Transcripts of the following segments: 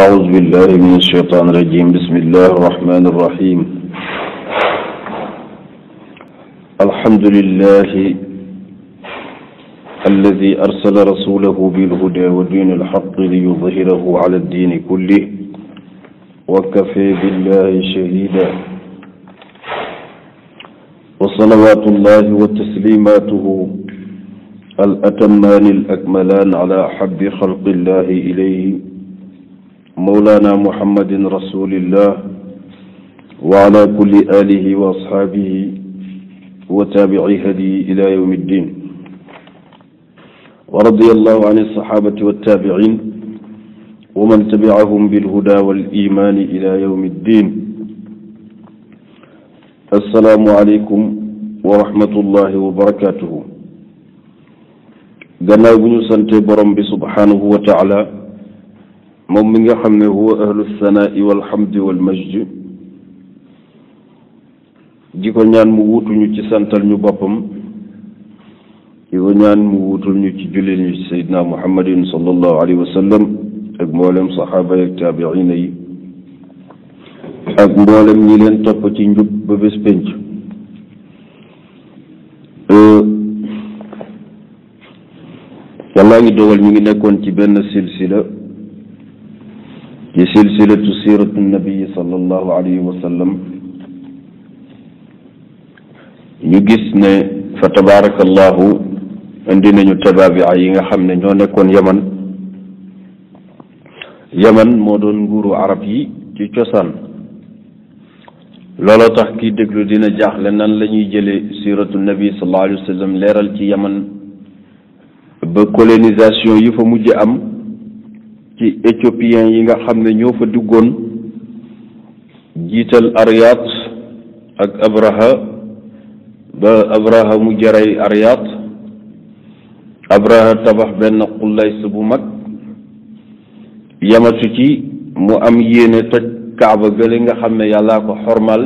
أعوذ بالله من الشيطان الرجيم بسم الله الرحمن الرحيم الحمد لله الذي أرسل رسوله بالهدى ودين الحق ليظهره على الدين كله وكفى بالله شهيدا وصلوات الله وتسليماته الأتمان الأكملان على أحب خلق الله إليه مولانا محمد رسول الله وعلى كل آله وأصحابه وتابعي هدي إلى يوم الدين ورضي الله عن الصحابة والتابعين ومن تبعهم بالهدى والإيمان إلى يوم الدين السلام عليكم ورحمة الله وبركاته gannaaw bu ñu sante borom bi subhanahu wa taala moom mi nga xam ne huwa ahlu sanai walhamdi walmajdi di ko ñaan mu wuutuñu ci santal ñu boppam di ko ñaan mu wuutul ci jullit ñu ci sayidna muhammadin sallallahu ak mboolem saxaaba yi ak taabiina yi topp ci njub ba bés pénc yàllaa ngi dogal ñu ngi nekkoon ci benn silsila ci silsilatu siiratu nabii sallallahu alayhi ñu gis ne fa tabaarakallahu indi nañu tabaabia yi nga xam ne ñoo nekkoon yaman yaman moo doon nguuru arab yi ci cosaan looloo tax kii déglu dina jaaxle nan lañuy jële siiratu nabi sallallahu alayhi wa sallam leeral ci yaman ba colonisation yi fa mujj am ci éthiopiens yi nga xam ne ñoo fa duggoon jiital Ariat ak Abraha ba Abraha mu jaray Ariat Abraha tabax benn xullays bu mag yamatu ci mu am yéene toj kaaba gële nga xam ne yàllaa ko xormal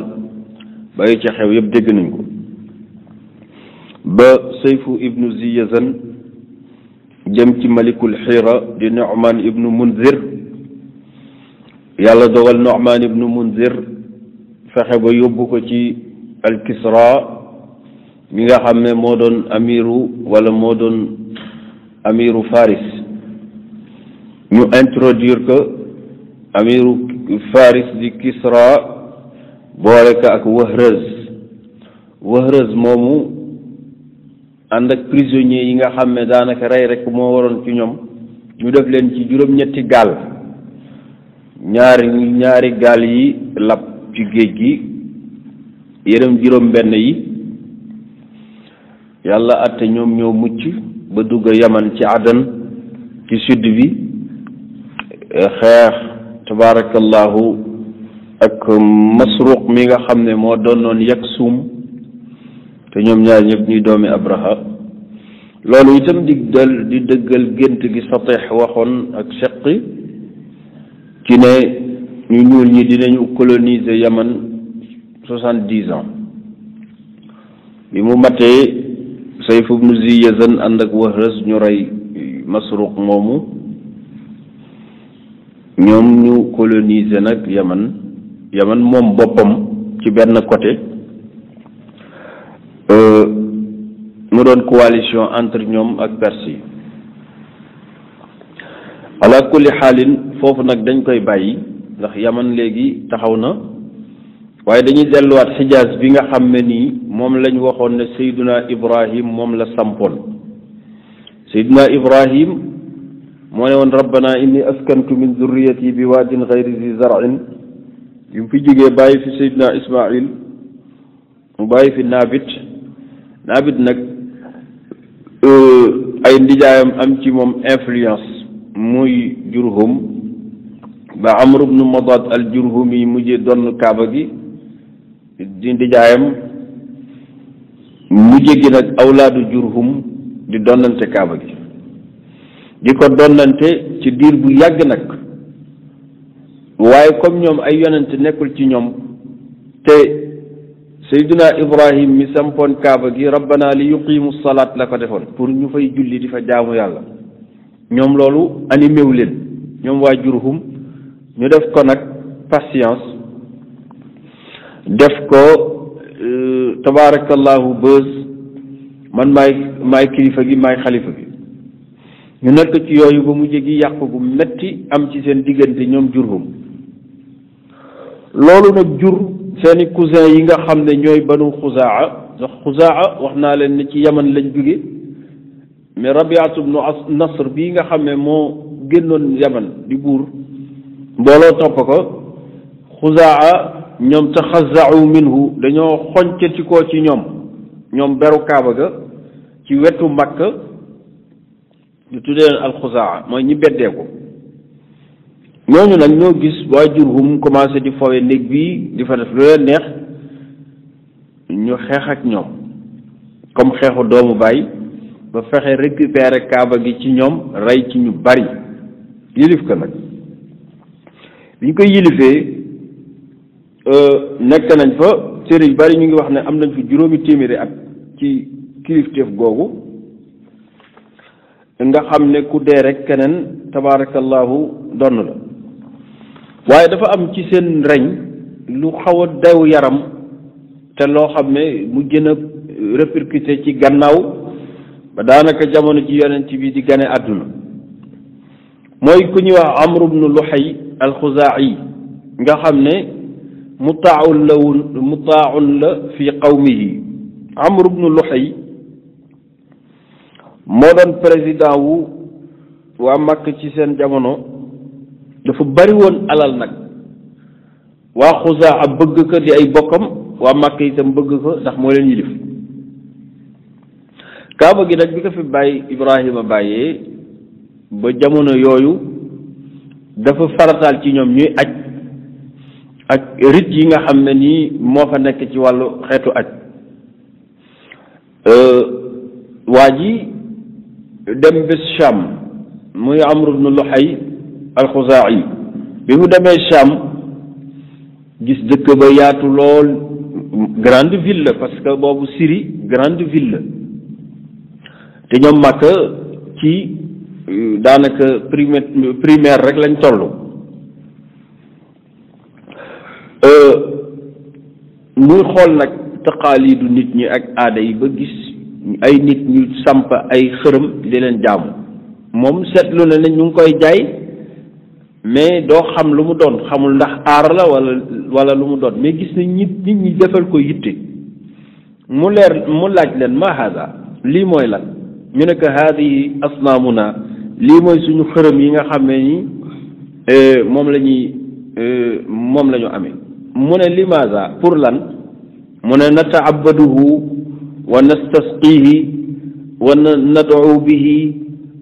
bay ci xew yépp dégg nañ ko ba Sayfu ibnu Ziyazan jëm ci malikul xiira di Nu'man ibnu Munzir yàlla dogal Nu'man ibnu Munzir fexe ba yóbbu ko ci al-Kisra mi nga xam ne moo doon amiru wala moo doon amiru Faris ñu introduire que amiru Faris di Kisra boole ko ak Wahrez Wahrez moomu ànd ak prisonniers yi nga xam ne daanaka rey rek moo waroon ci ñoom ñu def leen ci juróom-ñetti gaal ñaari ñaari gaal yi lab ci géej gi yeneen juróom-benn yi yàlla àtte ñoom ñoo mucc ba dugg yaman ci àddan ci sud bi xeex tabaarakallahu ak masruq mi nga xam ne moo doon noon yak suum te ñoom ñaar ñëpp ñuy doomi abraha loolu itam di dëggal gént gi sateex waxoon ak seqi ci ne ñu ñuul ñi dinañu coloniser yaman soixante dix ans bi mu matee sayf ibnu zi yazan ànd ak wahras ñu rey masruq moomu ñoom ñu coloniser nag yaman yaman moom boppam ci benn côté Euh, mu doon coalition entre ñoom ak Perse yi ala kulli xaalin foofu nag dañ koy bàyyi ndax yaman léegi taxaw na waaye dañuy delluwaat xijaas bi nga xam ne nii moom lañ waxoon ne Seyduna Ibrahim moom la sampoon Seyduna Ibrahim moo ne woon rabbana inni askantu min zurriyati bi waadin gayri zi zarin yu mu fi jógee bàyyi fi Seyduna Ismail mu bàyyi fi Naabit naabit nag euh, ay ndijaayam am ci moom influence muy jurhum ba amr ibnu madaad al jurhumi yi mujje donn kaaba gi di ndijaayam mujje gi nag awlaadu jurhum di donnante kaaba gi di ko donnante ci diir bu yàgg nag waaye comme ñoom ay yonent nekkul ci ñoom te sayduna ibrahim mi sampoon kaaba gi rabbana li yuqimu salaat la ko defoon pour ñu fay julli di fa jaamu yàlla ñoom loolu animé leen ñoom waa jurhum ñu def ko nag patience def ko euh, tabaarakallahu bës man maay maay kilifa gi maay xalifa gi ñu nekk ci yooyu ba mujj gi yàq gu metti am ci seen diggante ñoom jurhum loolu nag jur seeni cousin yi nga xam ne ñooy banu xuzaa ndax wax naa leen ni ci yaman lañ jóge mais rabiatu bnu nasr bii nga xam ne moo génnoon yaman di buur mbooloo topp ko xuzaa ñoom taxazau minhu dañoo xoñcati ci ñoom ñoom beru kaaba ga ci wetu makka ñu tuddee leen alxuzaa mooy ñi beddee ko ñooñu nag ñoo gis waajurhum commencer di fowe néeg bi di fa def lu leen neex ñu xeex ak ñoom comme xeexu doomu baay ba fexe récupérer kaaba gi ci ñoom rey ci ñu bari yilif ko nag bi ñu koy yilifee euh, nekk nañ fa sëriñ bari ñu ngi wax ne am nañ fi juróomi téeméeri ak ci kilif kilifteef googu nga xam ne ku dee rek keneen tabaarakallahu donn la waaye dafa am ci seen reñ lu xaw a dew yaram te loo xam ne mu gën a répercuté ci gannaaw ba daanaka jamono ji yonent bi di gane àdduna mooy ku ñuy wax amru bnu luxay alxuzaa'i nga xam ne mutaaun la wun mutaaun la fi qawmihi amru bnu luxay moo doon président wu waa Makka ci seen jamono dafa bari woon alal nag waa xusaa ab bëgg ko di ay bokkam waa màkk itam bëgg ko ndax moo leen yilif kaaba gi nag bi ko fi bàyyi ibrahima bàyyee ba jamono yooyu dafa farataal ci ñoom ñuy aj ak rit yi nga xam ne nii moo fa nekk ci wàllu xeetu aj euh, waa ji dem bés Sham muy Amru bnu Luhay alxuzaa'i bi mu demee Cham gis dëkk ba yaatu lool grande ville la parce que boobu siri grande ville la te ñoom Makka ci euh, daanaka primaire rek lañ toll euh, muy xool nag taqaaliidu nit ñi ak aada yi ba gis ay nit ñu samp ay xërëm di leen jaamu moom seetlu na ne ñu ngi koy jaay mais doo xam lu mu doon xamul ndax aar la wala lu mu doon mais gis nañ nit nit ñi defal ko yitte mu leer mu laaj leen ma haada lii mooy la ñu ne ko haadihi asnaamuna lii mooy suñu xërëm yi nga xam ne nii euh, moom la ñuy euh, moom lañu ame mu ne limaza pour lan mu ne nataabaduhu wa nastasqihi wa nad'u bihi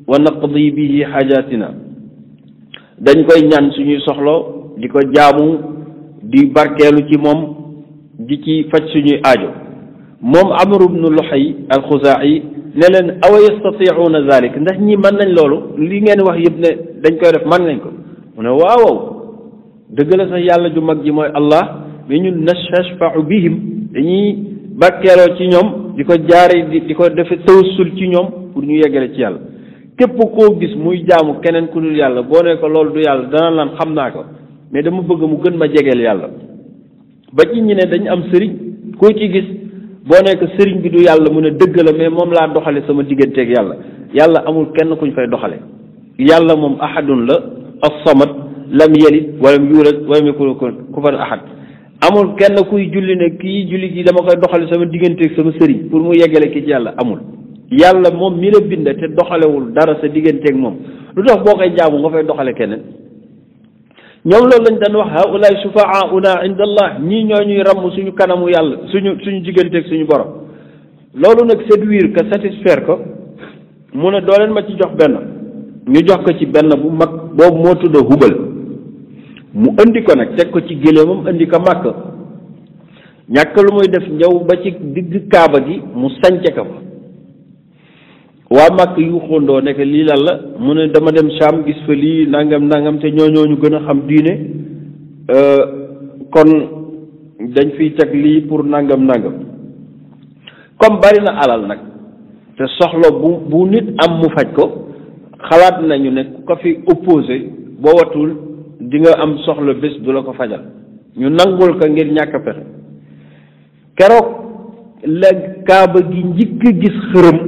wa naqdi bihi xaajaatina dañ koy ñaan suñuy soxlo di ko jaamu di barkeelu ci moom di ci faj suñuy aajo moom amru bnu luhay alxuzaayi ne leen awa yastatiuuna zalik ndax ñi mën nañ loolu li ngeen wax yëpp ne dañ koy def mën nañ ko mu ne waawow dëgg la sax yàlla ju mag ji mooy allah ñu ñun nastashfau bihim dañuy barkeeloo ci ñoom di ko jaare di ko defe tawassul ci ñoom pour ñu yeggale ci yàlla képp koo gis muy jaamu keneen ku dul yàlla boo ne ko loolu du yàlla dana lan xam naa ko mais dama bëgg mu gën ma jegeel yàlla ba ci ñi ne dañu am sëriñ koo ci gis boo ne ko sëriñ bi du yàlla mun ne dëgg la mais moom laa doxale sama digganteeg yàlla yàlla amul kenn kuñ fay doxale yàlla moom ahadun la as-samad lam yalid walam yuulad walam yakul kufuwan ahad amul kenn kuy julli ne kii julli gi dama koy doxale sama digganteeg sama sëriñ pour mu yeggale ki ci amul yàlla moom mi bind te doxalewul dara sa digganteeg moom lu tax boo koy jaamu nga fay doxale keneen ñoom loolu lañ daan wax haulaay sufaauna inda allah ñii ñoo ñuy ràmm suñu kanamu yàlla suñu suñu digganteeg suñu borom loolu nag séduire que ko mu ne doo ma ci jox benn ñu jox ko ci benn bu mag boobu moo tudd hubal mu indi ko nag teg ko ci géléemam indi ko màkk ñàkk lu muy def ñëw ba ci digg kaaba gi mu sànce ko fa waa màkk yu nekk lii lan la mu ne dama dem Saam gis fa lii nangam nangam te ñoo ñoo ñu gën a xam diine euh, kon dañ fi teg lii pour nangam nangam comme bari na alal nag te soxla bu bu nit am mu faj ko xalaat nañu ne ku ko fi opposé boo watul di nga am soxla bés du la ko fajal ñu nangul ko ngir ñàkk pexe keroog la kaaba gi njëkk gis xërëm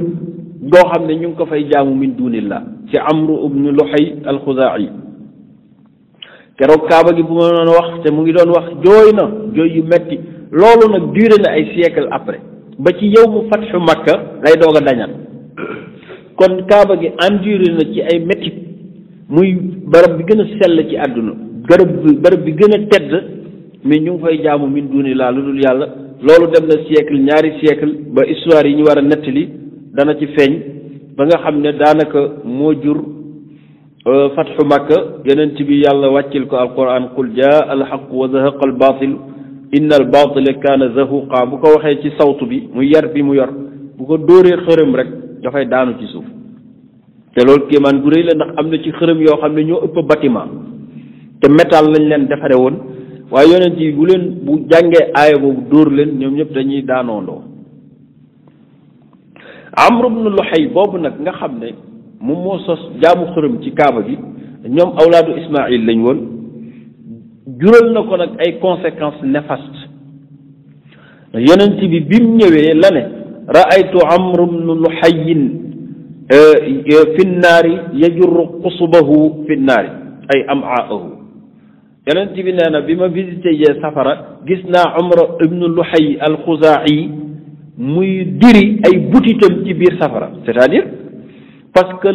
goo xam ne ñu ngi ko fay jaamu min dunillah ci amru ibnu luhay alxuzaa'i keroog kaaba gi bu ma doon wax te mu ngi doon wax jooy na jooy yu metti loolu nag duré na ay siècle après ba ci yow mu fatxu makka lay doog dañan kon kaaba gi enduré na ci ay metti muy bërëb bi gën a sell ci àdduna barab bi gën a tedd mais ñu ngi fay jaamu min dunillah lu dul yàlla loolu dem na siècle ñaari siècle ba histoire yi ñu war a nettali dana ci feeñ ba nga xam ne daanaka moo jur euh, fatxu makka geneen bi yàlla wàccil ko al alquran qul jaa al alxaq wa zahaqa albatil inna albatila kaana zahuqa bu ko waxee ci sawtu bi mu yar bi mu yor bu ko dóoree xërëm rek dafay daanu ci suuf te loolu kéemaan gu rëy la ndax am na ci xërëm yoo xam ne ñoo ëpp bâtiment te métal lañ leen defare woon waaye yonent yi bu leen bu jàngee aaya boobu dóor leen ñoom ñëpp dañuy daanoondoo amru bnu luxay boobu nag nga xam ne moom moo sos jaamu xërëm ci kaaba gi ñoom awlaadu ismail lañ woon jural na ko nag ay conséquences néfastes yonent bi bim ñëwee la ne raaytu amru bnu luxayin eh, fi nnaari yajurru qusubahu fi nnaari ay amaahu yonent bi nee na bi ma visité jee safara gis naa amru ibnu luxay alxuzaayi muy diri ay butitam ci biir safara c'est-à-dire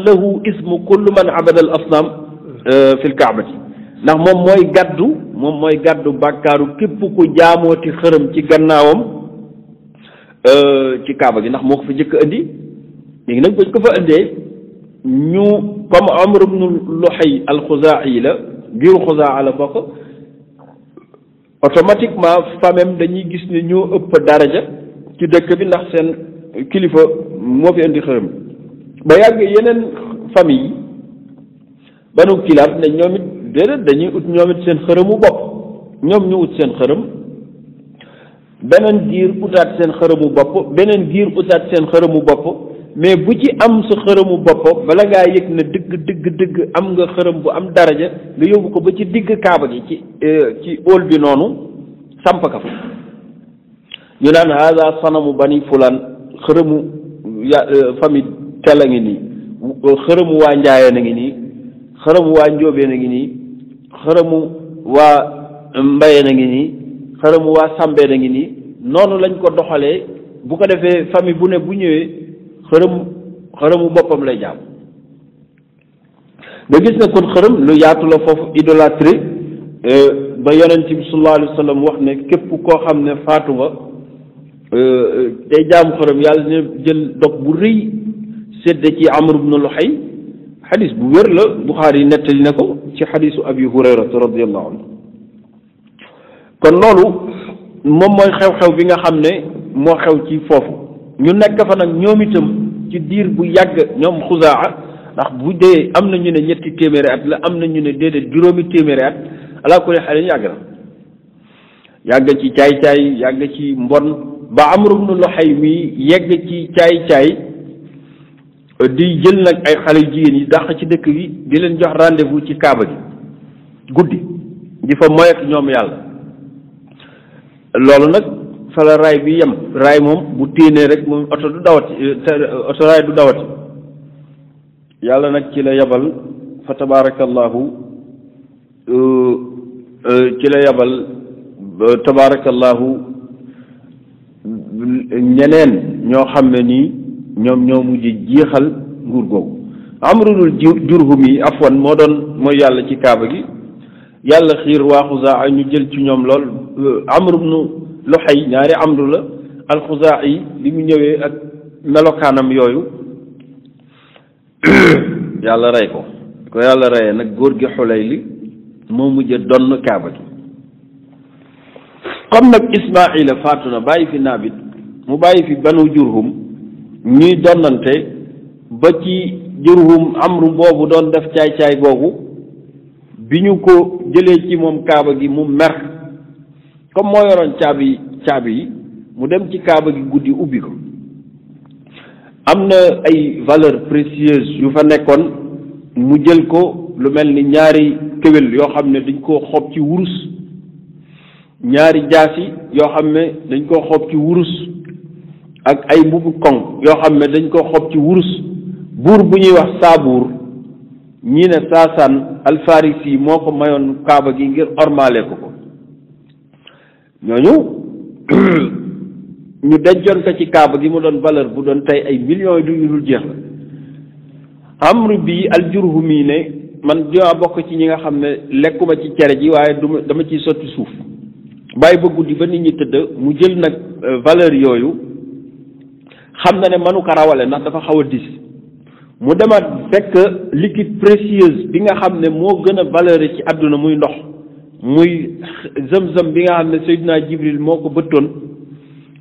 lahu ismu kullu man abada al asnam euh, fil kaabati ndax moom mooy gàddu moom mooy gàddu bàkkaaru képp ku jaamooti xërëm ci gannaawam euh, ci kaaba gi ndax moo ko fa jëkk indi léegi nag bañ ko fa indee ñu comme amr ibnu luhay al xuzaa'i la biiru xuzaa la bokk automatiquement famem dañuy gis ne ñoo ëpp daraja ci dëkk bi ndax seen kilifa moo fi indi xërëm ba yàgg yeneen famille yi banu kilaab ne ñoom it dañuy ut ñoom seen xërëmu bopp ñoom ñu ut seen xërëm beneen giir utaat seen xërëmu bopp beneen giir utaat seen xërëmu bopp mais bu ci am sa xërëmu bopp bala ngaa yëg na dëgg dëgg dëgg am nga xërëm bu am daraja nga yóbbu ko ba ci digg kaaba gi ci euh, ci óol bi noonu samp ka fa ñu naan haada sanamu bani fulaan xërëmu ya euh, famille tel a ngi nii xërëmu waa njaayeen a ngi nii xërëmu waa njóobeen a ngi nii xërëmu waa mbayeen a ngi nii xërëmu waa sàmbeen a ngi nii noonu lañ ko doxalee bu ko defee famille bu ne bu ñëwee xërëm xërëmu boppam lay jàpp nga gis ne kon xërëm lu yaatu la foofu idolâtrie euh, ba yonent bi sallallahu alayhi wax ne képp koo xam ne faatu nga Euh, day jaamu xorom yàlla ne jël dog bu rëy sedd ci amr ibnu luxay xadis bu wér la buxaari nettali na ko ci xadisu abi hurayrata radiallahu anhu kon loolu moom mooy xew-xew bi nga xam ne moo xew ci foofu ñu nekk fa nag ñoom itam ci diir bu yàgg ñoom xusaa ndax bu dee am na ñu ne ñetti téeméeri at la am na ñu ne déedéet juróomi téeméeri at alaa kulli xale yàgg na yàgg ci caay-caay yàgg ci mbon ba Amru bnu Luhay mi yegg ci caay-caay di jël nag ay xale yu jigéen yi dàq ci dëkk bi di leen jox rendez ci kaaba gi guddi di fa moy ak ñoom yàlla loolu nag fa la raay bi yem raay moom bu téenee rek moom oto du dawati oto raay du dawati yàlla nag ci la yabal fa tabaarakallahu euh, euh, ci la yabal tabaarakallahu ñeneen ñoo xam ne nii ñoom ñoo mujj jeexal nguur googu amrunul jurhum yi afwan moo doon mooy yàlla ci kaaba gi yàlla xiir waa xuzaa ñu jël ci ñoom lool euh, amru bnu luxay ñaari amru la alxuzaa yi li mu ñëwee ak melokaanam yooyu yàlla rey ko ko yàlla reye nag góor gi xulay li moo mujj donn kaaba gi comme nag ismaila faatu na bàyyi fi naabit mu bàyyi fi banu jurhum ñuy donnante ba ci jurhum amru boobu doon def caay-caay boobu bi ñu ko jëlee ci moom kaaba gi mu mer comme moo yoroon caabi caabi yi mu dem ci kaaba gi guddi ubbi ko am na ay valeur précieuse yu fa nekkoon mu jël ko lu mel ni ñaari kéwél yoo xam ne dañ koo xob ci wurus ñaari jaasi yoo xam ne dañ koo xob ci wurus ak ay mbubu koŋ yoo xam ne dañ ko xob ci wurus buur bu ñuy wax saabur ñi ne saasaan alfarisi moo ko mayoon kaaba gi ngir ormaale ko ko ñooñu ñu dencoon ko ci kaaba gi ma doon valeur bu doon tey ay millions yu du dul jeex la amru bii aljurhumi ne man dina bokk ci ñi nga xam ne lekkuma ci cere ji waaye duma dama ciy sotti suuf bàyyi ba guddi ba nit ñi tëdd mu jël nag euh, valeur yooyu xam na ne mënu ko rawale ndax dafa xaw a dis mu demaat fekk liquide précieuse bi nga xam ne moo gën a valeur ci àdduna muy ndox muy zëm-zëm bi nga xam ne naa Jibril moo ko bëttoon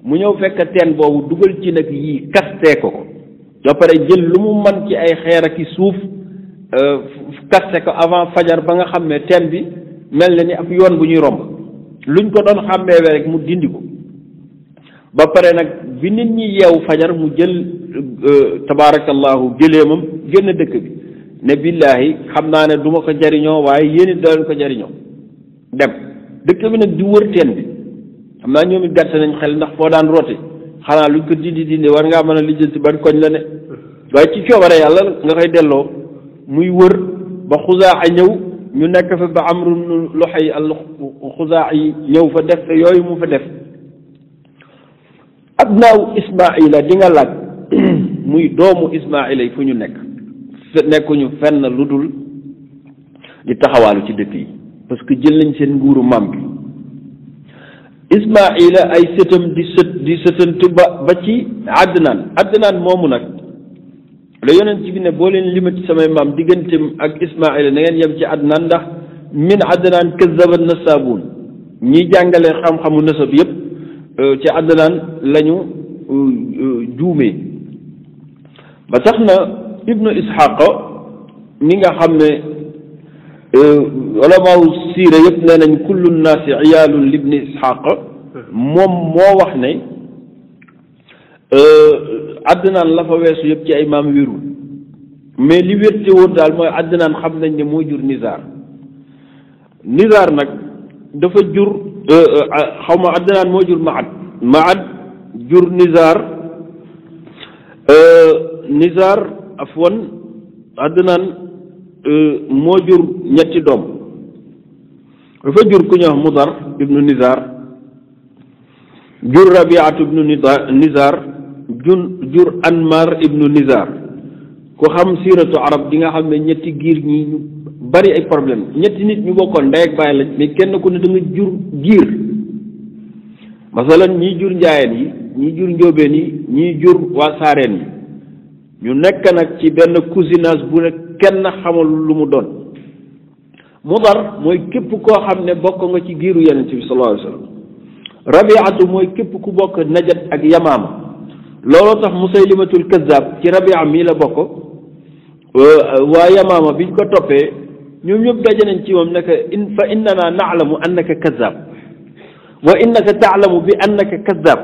mu ñëw fekk teen boobu dugal ci nag yi kaste ko ko ba pare jël lu mu man ci ay xeer ak i suuf euh, kaste ko avant fajar ba nga xam ne teen bi mel na ni ab yoon bu ñuy romb lu luñ ko doon xàmmeewee rek mu dindi ko ba pare nag bi nit ñi yeew fajar mu jël euh, tabaarakallahu gëléemam génn dëkk bi ne billaahi xam naa ne duma ko jariñoo waaye yéen it ko jariñoo dem dëkk bi nag di wër teen bi xam naa ñoom it gàtt nañ xel ndax foo daan roote xanaa luñ ko dindi dindi war ngaa mën a lijjanti ban koñ la ne waaye ci coobare yàlla nga koy delloo muy wër ba xusaa a ñëw ñu nekk fa ba amru lu loxo yi al xusaa yi ñëw fa def te yooyu mu fa def abnaaw ismaila di nga laaj muy doomu ismaila yi fu ñu nekk nekkuñu fenn lu dul di taxawaalu ci dëkk yi parce que jël nañ seen nguuru maam bi ismaila ay sëtam di sët di sëtantu ba ba ci adnaan adnaan moomu nag la yonent bi ne boo leen limat samay maam digganteem ak ismaila na ngeen yem ci adnaan ndax min adnaan kazabat nasaabuun ñi jàngale xam-xamu nasab yépp Euh, ci Adnaan lañu euh, euh, juumee ba tax na ibnu Isxaaq mi nga xam ne ulamaaw siira yëpp nee nañ kullu naasi li libni Isxaaq moom moo wax ne Adnaan la fa weesu yëpp ci ay maam wérul mais li wérte woon daal mooy àddinaan xam nañ ne moo jur Nizaar Nizaar nag dafa jur. Eh, ah, xaw ma Adnaan moo jur Maad Maad jur Nizar eh, Nizar afwan Adnaan eh, moo jur ñetti doom dafa jur ku ñuy wax Mudar ibnu Nizar jur Rabiat ibnu Nizar jur jur ibnu Nizar ku xam siiratu arab di nga xam ne ñetti giir ñi bari ay problème ñetti nit ñu bokkoon ndey ak bàyyi lañ mais kenn ku ne da nga jur giir masalan ñii jur njaayeen yi ñii jur njóobeen yi ñii jur waa saareen yi ñu nekk nag ci benn cousinage bu ne kenn xamul lu mu doon mudar mooy képp koo xam ne bokk nga ci giiru yonent bi sallallahu alayhi wa mooy képp ku bokk najat ak yamaama looloo tax musaylimatul kazzab ci rabia mii la bokk waa yamaama biñ ko toppee ñoom ñëpp daje nañ ci moom ne que in fa innana naalamu annaka kazzab wa innaka taalamu bi annaka kazzab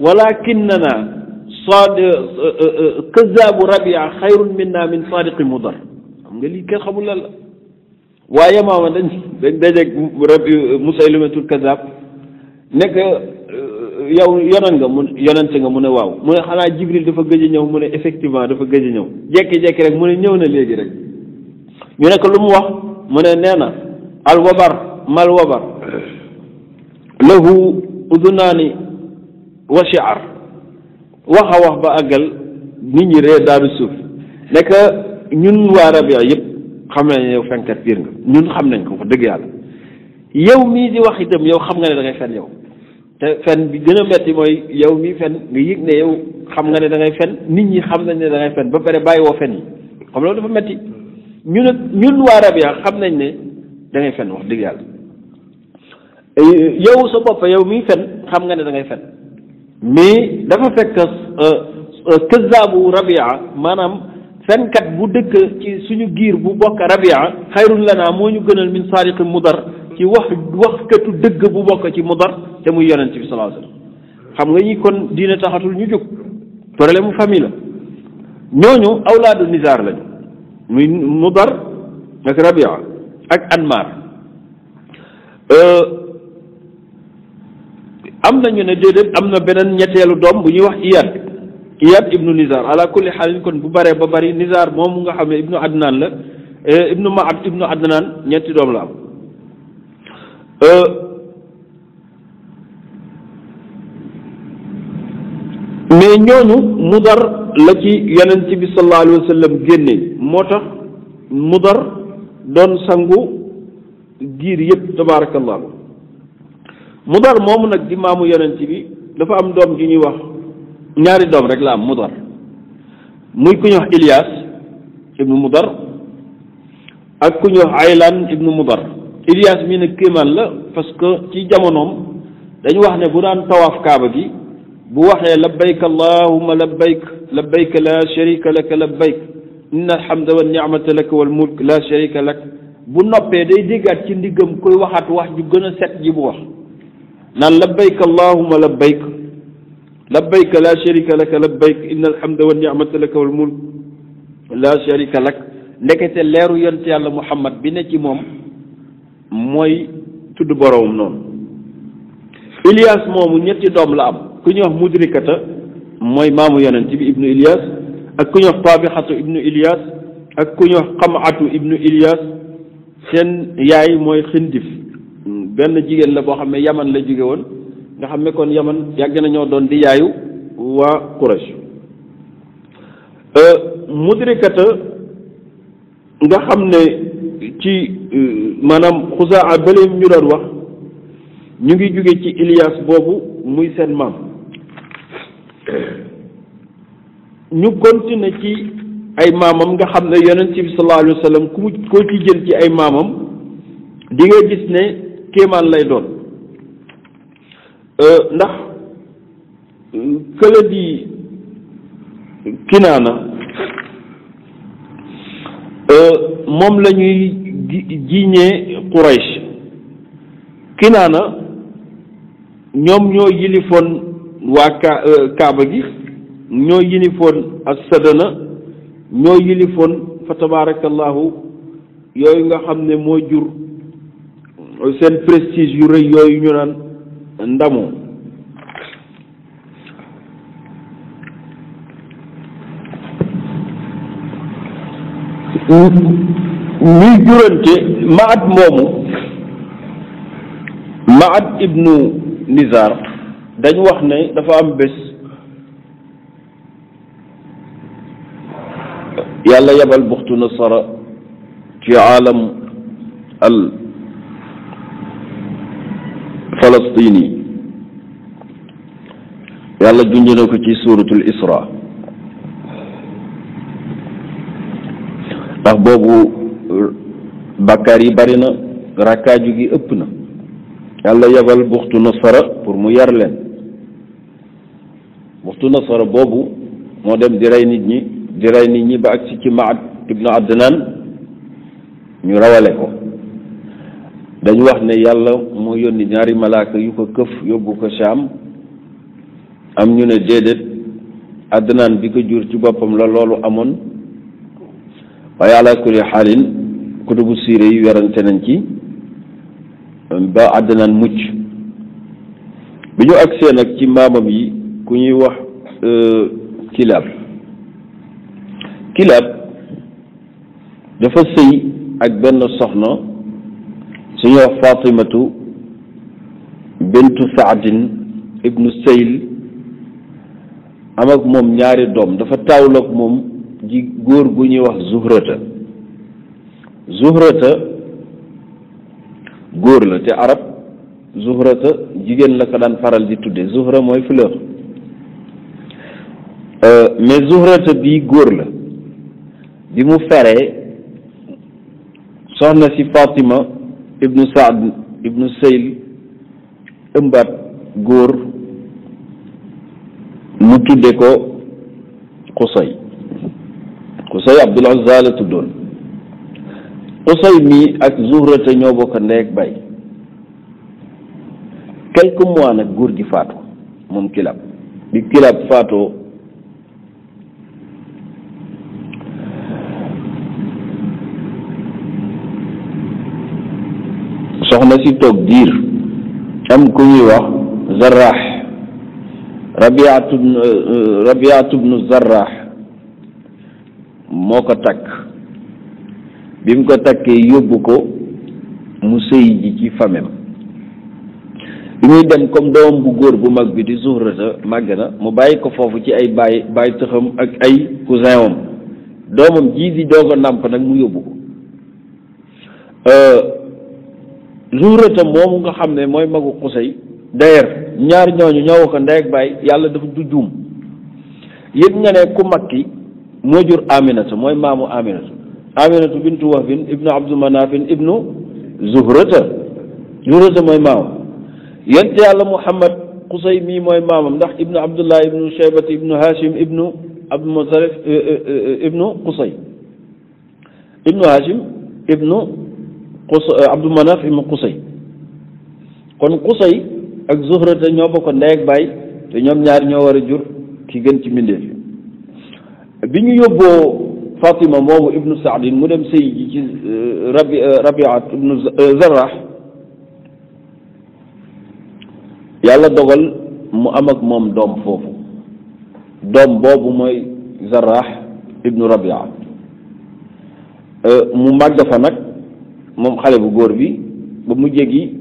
walakinana sad euh, euh, euh, kazzabu rabia xayrun minna min sadiqi mudar xam nga lii kenn xamul la waaye maama dañ dañ dajeeg rabi musaylimatul kazzab nekk yow yonan nga mu yonante nga mu ne waaw mu ne xanaa jibril dafa gëj a ñëw mu ne effectivement dafa gëj a ñëw jekki-jekki rek mu ne ñëw na léegi rek ñu nekk lu mu wax mu ne nee na al wabar mal wabar lahu udunaani wa shiar wax a wax ba àggal nit ñi ree daanu suuf nekk ñun waa rabia yëpp xam nañ yow fenkat biir nga ñun xam nañ ko ko dëgg yàlla yow mii di wax itam yow xam nga ne da ngay fen yow te fen bi gën a metti mooy yow mii fen nga yëg ne yow xam nga ne dangay fen nit ñi xam nañ ne da fen ba pare bàyyi woo fen yi xam loolu dafa metti ñu ne ñun waa Rabia xam nañ ne da ngay fen wax dëgg yàlla yow sa bopp yow miy fen xam nga ne da ngay fen mais dafa fekk euh, euh, këzaabu Rabia maanaam fenkat bu dëkk ci suñu giir bu bokk Rabia xayrun lana moo ñu gënal min saariqi mudar ci wax waxkatu dëgg bu bokk ci mudar te muy yonent bi xam nga ñi kon diine taxatul ñu jóg problème mu famille ñooñu awlaadu nizaar lañu mu bar ak rabia ak anmar euh, am na ñu ne déedéet am na beneen ñetteelu doom bu ñuy wax iyad iyad ibnu nizar ala kulli xaalin kon bu baree ba bari nizar moom nga xam ne ibnu adnaan la euh, ibnu maad ibnu ñetti doom la am euh, mais ñooñu mudar la ci yonent bi sallallahu alayhi génne moo tax mudar doon sangu giir yépp tabarakallahu mudar moomu nag di maamu yonent bi dafa am doom ju ñuy wax ñaari doom rek la am mudar muy ku ñuy wax Ilias ibnu mudar ak ku ñuy wax Aylan ibnu mudar Ilias mii nag kéemaan la parce que ci jamonoom dañu wax ne bu daan tawaaf kaaba gi bu waxee labbayk allahumma labbayk labbayk la sharika laka labbayk inna alhamda wa ni'mata laka wal mulk la sharika lak bu noppee day déggaat ci ndiggam koy waxaat wax ju gën a set ji bu wax naan labbayk allahumma labbayk labbayk la sharika laka labbayk inna alhamda wa ni'mata laka wal mulk la sharika lak ndekete leeru yonent yàlla muhammad bi ne ci moom mooy tudd boroomam noonu Ilias moomu ñetti doom la am ku ñuy wax mudrikata mooy maamu ci bi ibnu Ilias ak ku ñuy wax tabixatu ibnu Ilias ak ku ñuy wax xamatu ibnu Ilias seen yaay mooy xindif benn jigéen la boo xam ne yaman la jóge woon nga xam ne kon yaman yàgg na ñoo doon di yaayu waa Quraysh euh, mudrikata nga xam ne ci euh, maanaam xusaa bële ñu doon wax ñu ngi jóge ci Ilias boobu muy seen maam ñu continué ci ay maamam nga xam ne yonent bi sallallahu alayhi wa sallam ku mu ci jël ci ay maamam di nga gis ne kéemaan lay doon euh, ndax kële kinaana euh, moom lañuy ñuy jiiñee Quraysh kinaana ñoom ñoo yilifoon waa ka euh, kaaba gi ñoo yilifoon ak sadana ñoo yilifoon fa tabarakallahu yooyu nga xam ne moo jur seen prestige yu rëy yooyu ñu naan ndamoo ñuy jurante maat moomu maat ibnu nizar dañ wax ne dafa am bés yàlla yebal buxtu nasara ci aalam al falastini yàlla junj na ko ci suuratul isra ndax boobu bàkkaar yi bari na rakkaaju gi ëpp na yàlla yebal buxtu nasara pour mu yar leen surtout nasara boobu moo dem di rey nit ñi di rey nit ñi ba ak si ci Maad ñu rawale ko dañu wax ne yàlla moo yónni ñaari malaaka yu ko këf yóbbu ko Saam am ñu ne déedéet Adnaan bi ko jur ci boppam la loolu amoon waaye ala kulli yi werante nañ ci ba mucc ci maamam yi ku ñuy wax kilaab kilaab dafa sëy ak benn soxna suñu wax fatimatu bintu saadin ibnu seyl am ak moom ñaari doom dafa taawloog moom ji góor gu ñuy wax zuhrata zuhrata góor la te arab zuhrata jigéen la ko daan faral di tudde zuhra mooy fleur Euh, mais zuhrata bi góor la bi mu feree soxna si Fatima ibnu Saad ibnu Seyl ëmbaat góor mu tudde ko Qusay Qusay Abdul Uzza la tuddoon Qusay mi ak zuhrata ñoo bokk ndeeg bay quelques mois nag góor gi faatu moom Kilab bi Kilab faatoo soxna si toog diir am ku ñuy wax zarraax rabiatu rabiatu bnu moo ko takk bi mu ko takkee yóbbu ko mu sëy ji ci famem bi muy dem comme doom bu góor bu mag bi di zuhrata màgg na mu bàyyi ko foofu ci ay baay baay tëxam ak ay cousin wam doomam jii di doog nàmp nag mu yóbbu ko euh, zuurata moomu nga xam ne mooy magu xusay d'ailleurs ñaar ñooñu ñoo ko ndey ak baay yàlla dafa du juum yëg nga ne ku mag ki moo jur aminatu mooy maamu aminatu aminatu bintu wahbin ibnu abdu manafin ibnu zuhrata zuhrata mooy maamam yent yàlla muhammad xusay mii mooy maamam ndax ibnu abdullah ibnu shaybati ibnu hashim ibnu abdul mutalib eh, eh, eh, ibnu xusay ibnu hashim ibnu xus euh, Abdou Manaf ibnu Qusay kon Qusay ak Zuhrata ñoo bokk ndey ak baay te ñoom ñaar ñoo war a jur ki gën ci mbindeef bi ñu yóbboo Fatima moomu ibnu Saadin mu dem sëy ji ci euh, euh, rabiat ibnu Zarrah yàlla dogal mu am ak moom doom foofu doom boobu mooy Zarrah ibnu Rabia mu màgg fa nag moom xale bu góor bi ba mu jégi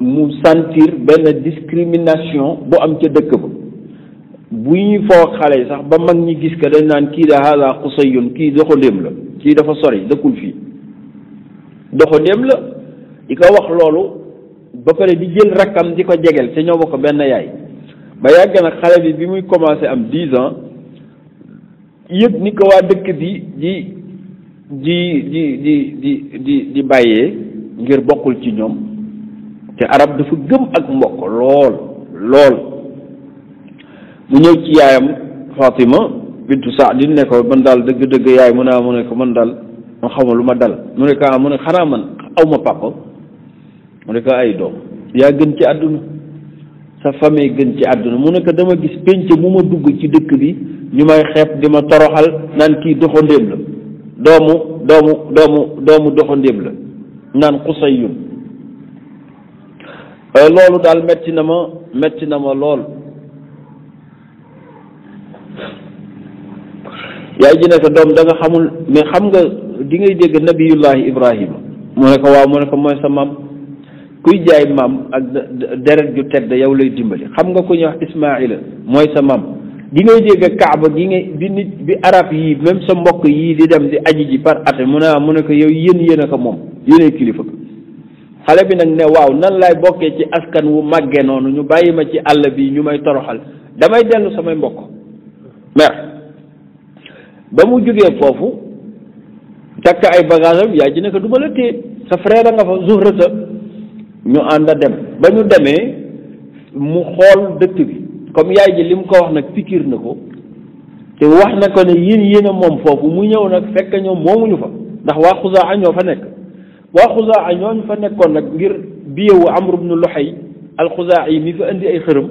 mu sentir benn discrimination bu am ca dëkk ba bu ñuy foo xale yi sax ba mag ñi gis ka dañ naan kii da haala xusayun kii doxandéem la kii dafa yi dëkkul fii doxandéem la di ko wax loolu ba pare di jël rakkam di ko jegel te ñoo ko benn yaay ba yàgg nag xale bi bi muy commencé am dix ans yëpp ni ko waa dëkk bi di di di di di di di bàyyee ngir bokkul ci ñoom te arab dafa gëm ak mbokk lool lool mu ñëw ci yaayam Fatima bintu Saadin ne ko man daal dëgg dëgg yaay mu naa mu ne ko man daal ma xamul lu ma dal mu ne ko ah mu ne xanaa man aw ma mu ne ko ay doom yaa gën ci àdduna sa famille gën ci àdduna mu ne ko dama gis pénc mu ma dugg ci dëkk bi ñu may xeeb di ma toroxal naan kii doxandéem la doomu doomu doomu doomu doxandéem la naan xusayun euh, loolu daal metti na ma metti na ma lool yaay ji ne ko doom da xamul mais xam nga di ngay dégg nabiyullahi ibrahima mu ne ko waaw mu ne ko mooy sa maam kuy jaay maam ak deret ju tedd yow lay dimbali xam nga ku ñuy wax ismaila mooy sa maam gi ngay dégg kaaba gi ngay bi nit bi arab yii même sa mbokk yii di dem di aji ji par at mu ne ah mu ne ko yow yéen yéen a ko moom yéenay kilifa xale bi nag ne waaw nan laay bokkee ci askan wu màggee noonu ñu bàyyi ma ci àll bi ñu may toroxal damay dellu samay mbokk mer ba mu jógee foofu takk ay bagage am yaa ji ne ko du ma sa frère a nga fa zuhrata ñu ànd a dem ba ñu demee mu xool dëkk bi comme yaay ji li mu ko wax nag fikir na ko te wax na ko ne yéen yéen moom foofu mu ñëw nag fekk ñoom moomuñu fa ndax waa xuzaa ñoo fa nekk waa xuzaa ñooñu fa nekkoon nag ngir biyewu amru bnu luxay alxuzaa yi mi fa indi ay xërëm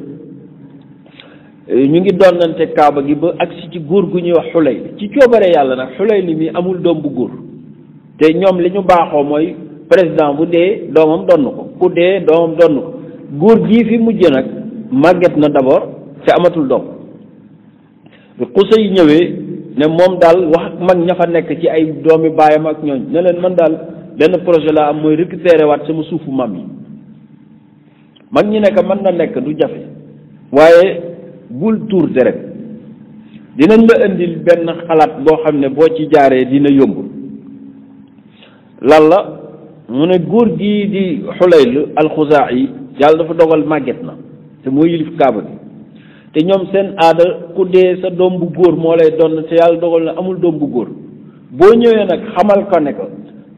ñu ngi donnante kaaba gi ba agsi ci góor gu ñuy wax xulay ci coobare yàlla nag xulay li mi amul doom bu góor te ñoom li ñu baaxoo mooy président bu dee doomam donn ko ku dee doomam donn ko góor gii fi mujj nag màgget na d'abord te amatul doom bi yi ñëwee ne moom daal wax mag ña fa nekk ci ay doomi baayam ak ñooñ ne leen man daal benn projet la am mooy récupérer waat mu suufu maam yi mag ñi nekk mën na nekk du jafe waaye bul tuur deret dinañ la indil benn xalaat boo xam ne boo ci jaaree dina yomb lan la mu ne góor gi di xulayl alxusaa yi yàlla dafa dogal màgget na te moo yilif kaaba bi te ñoom seen aada ku dee sa doom bu góor moo lay doon te yàlla dogal na amul doom bu góor boo ñëwee nag xamal ko nekk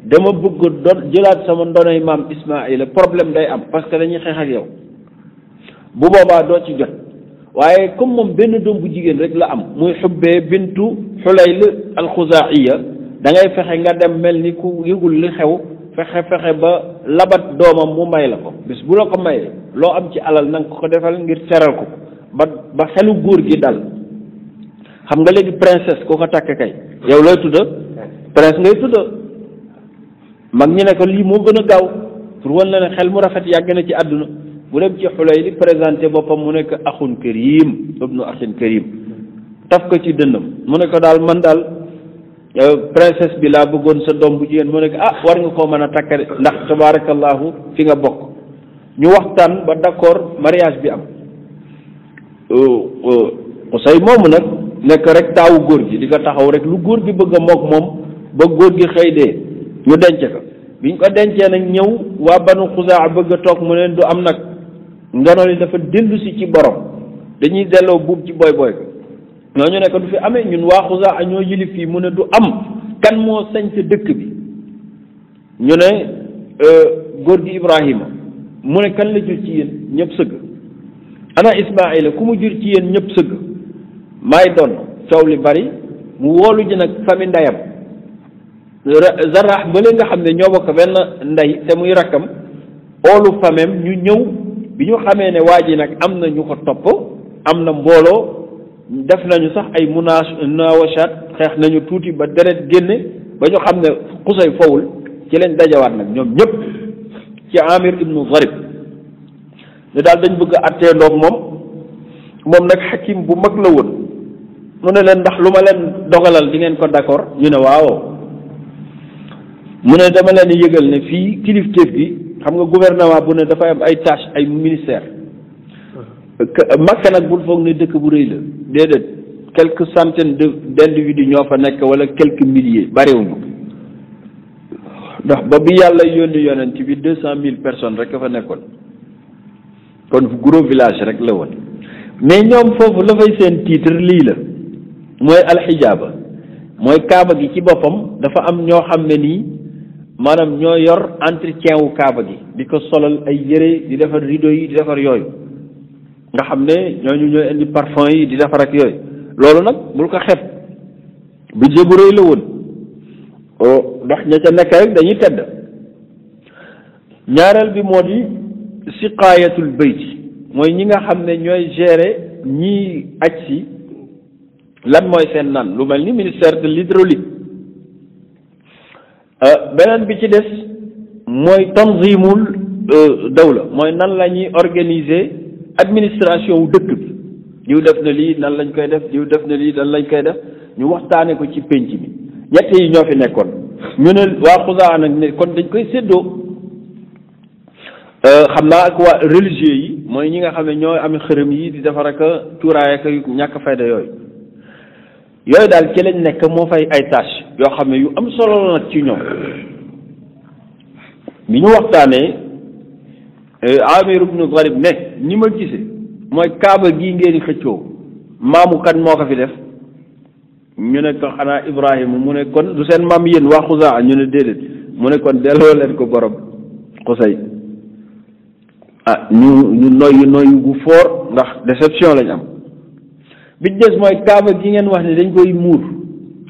dama bëgg don jëlaat sama ndonay maam Ismaayila problème day am parce que dañuy xeex ak yow bu boobaa doo ci jot waaye comme moom benn doom bu jigéen rek la am muy xubbee bintu xulayl alxuzaaiya da ngay fexe nga dem mel ni ku yëgul li xew fexe fexe ba labat doomam mu may la ko bis bu la ko mayee loo am ci alal na nga ko defal ngir seral ko ba ba xelu góor gi dal xam nga léegi princesse koo ko takk kay yow looy tudda prince ngay tudda mag ñi ne ko lii moo gën a gaaw pour wan na ne xel mu rafet yàgg na ci àdduna bu dem ci xulay li présenté boppam mu nekk akun karim ibnu axin karim taf ko ci dënnam mu ne ko daal man daal Euh, princesse bi laa bëggoon sa doom bu jigéen moo nekk ah war nga koo mën a takkale ndax tabaarakallahu fi nga bokk ñu waxtaan ba d'accord mariage bi am Xusay euh, euh, moomu nag nekk rek taawu góor gi di ko taxaw rek lu góor gi bëgg a mook moom ba góor gi xëy dee ñu denc ko biñ ko dencee nag ñëw waa banu Xusaa bëgg a toog mu leen du am nag ndono li dafa dellu si ci borom dañuy delloo buub ci boy boy ñu nekk du fi amee ñun waaxu waa a ñoo yilif fii mu ne du am kan moo sañ sa dëkk bi ñu ne euh, góor gi Ibrahima mu ne kan la jur ci yéen ñëpp sëgg ana Ismaayila ku mu jur ci yéen ñëpp sëgg maay doon coow li bari mu woolu ji nag fami ndeyam Zaraax ba nga xam ne ñoo bokk benn ndey te muy rakkam oolu famem ñu ñëw bi ñu xamee ne waa ji nag am na ñu ko topp am na mbooloo def nañu sax ay munaas naawashaat xeex nañu tuuti ba deret génne ba ñu xam ne xusay fowul ci lañ dajawaat nag ñoom ñëpp ci amir ibnu zarib ne daal dañ bëgg a attee ndoom moom moom nag xakim bu mag la woon mu ne leen ndax lu ma leen dogalal di ngeen ko d'accord ñu ne waaw mu ne dama leen yëgal ne fii kilifteef gi xam nga gouvernement bu ne dafay am ay tâche ay ministère Euh, Makka nag bul foog ne dëkk bu rëy la déedéet quelques centine de d'individus ñoo fa nekk wala quelques milliers bariwuñu ndax ba bi yàlla yónni yonent bi deux cent mille personnes rek a fa nekkoon kon gros village rek la woon mais ñoom foofu la fay seen titre lii la mooy alxijaaba mooy kaaba gi ci boppam dafa am ñoo xam ne nii maanaam ñoo yor entretien wu kaaba gi di ko solal ay yére di defar rideau yi di defar yooyu nga xam ne ñooñu ñooy indi parfum yi di defar ak yooyu loolu nag bul ko xeeb budget bu rëy la woon ndax ña ca nekk rek dañuy tedd ñaareel bi moo di siqaayatul bayt mooy ñi nga xam ne ñooy gérer ñii aj si lan mooy seen naan lu mel ni ministère de l'hydraulique euh, beneen bi ci des mooy tanzimul euh, dawla mooy nan la ñuy organiser administration wu dëkk bi diw def na lii nan lañ koy def diw def na lii nan lañ koy def ñu waxtaane ko ci pénc mi ñett yi ñoo fi nekkoon ñu ne waa Xuzaa nag ne kon dañ koy séddoo euh, xam naa ak waa religieux yi mooy ñi nga xam ne ñoo amee xërëm yi di defar ak cuuraay ak ñàkk fayda yooyu yooyu daal ci lañ nekk moo fay ay tâche yoo xam ne yu am solo la ci ñoom bi ñu waxtaanee Eh, amir ibnu garib ne ñi ma gise mooy kaaba gii ngeen xëccoo maamu kan moo ko fi def ñu ne ko xanaa ibrahima mu ne kon du seen maam yéen waa xusaa ñu ne déedéet mu ne delloo leen ko borom xusay ah ñu ñu noyyu noyyu gu foor ndax déception lañ am bi des mooy kaaba gi ngeen wax ni dañ koy muur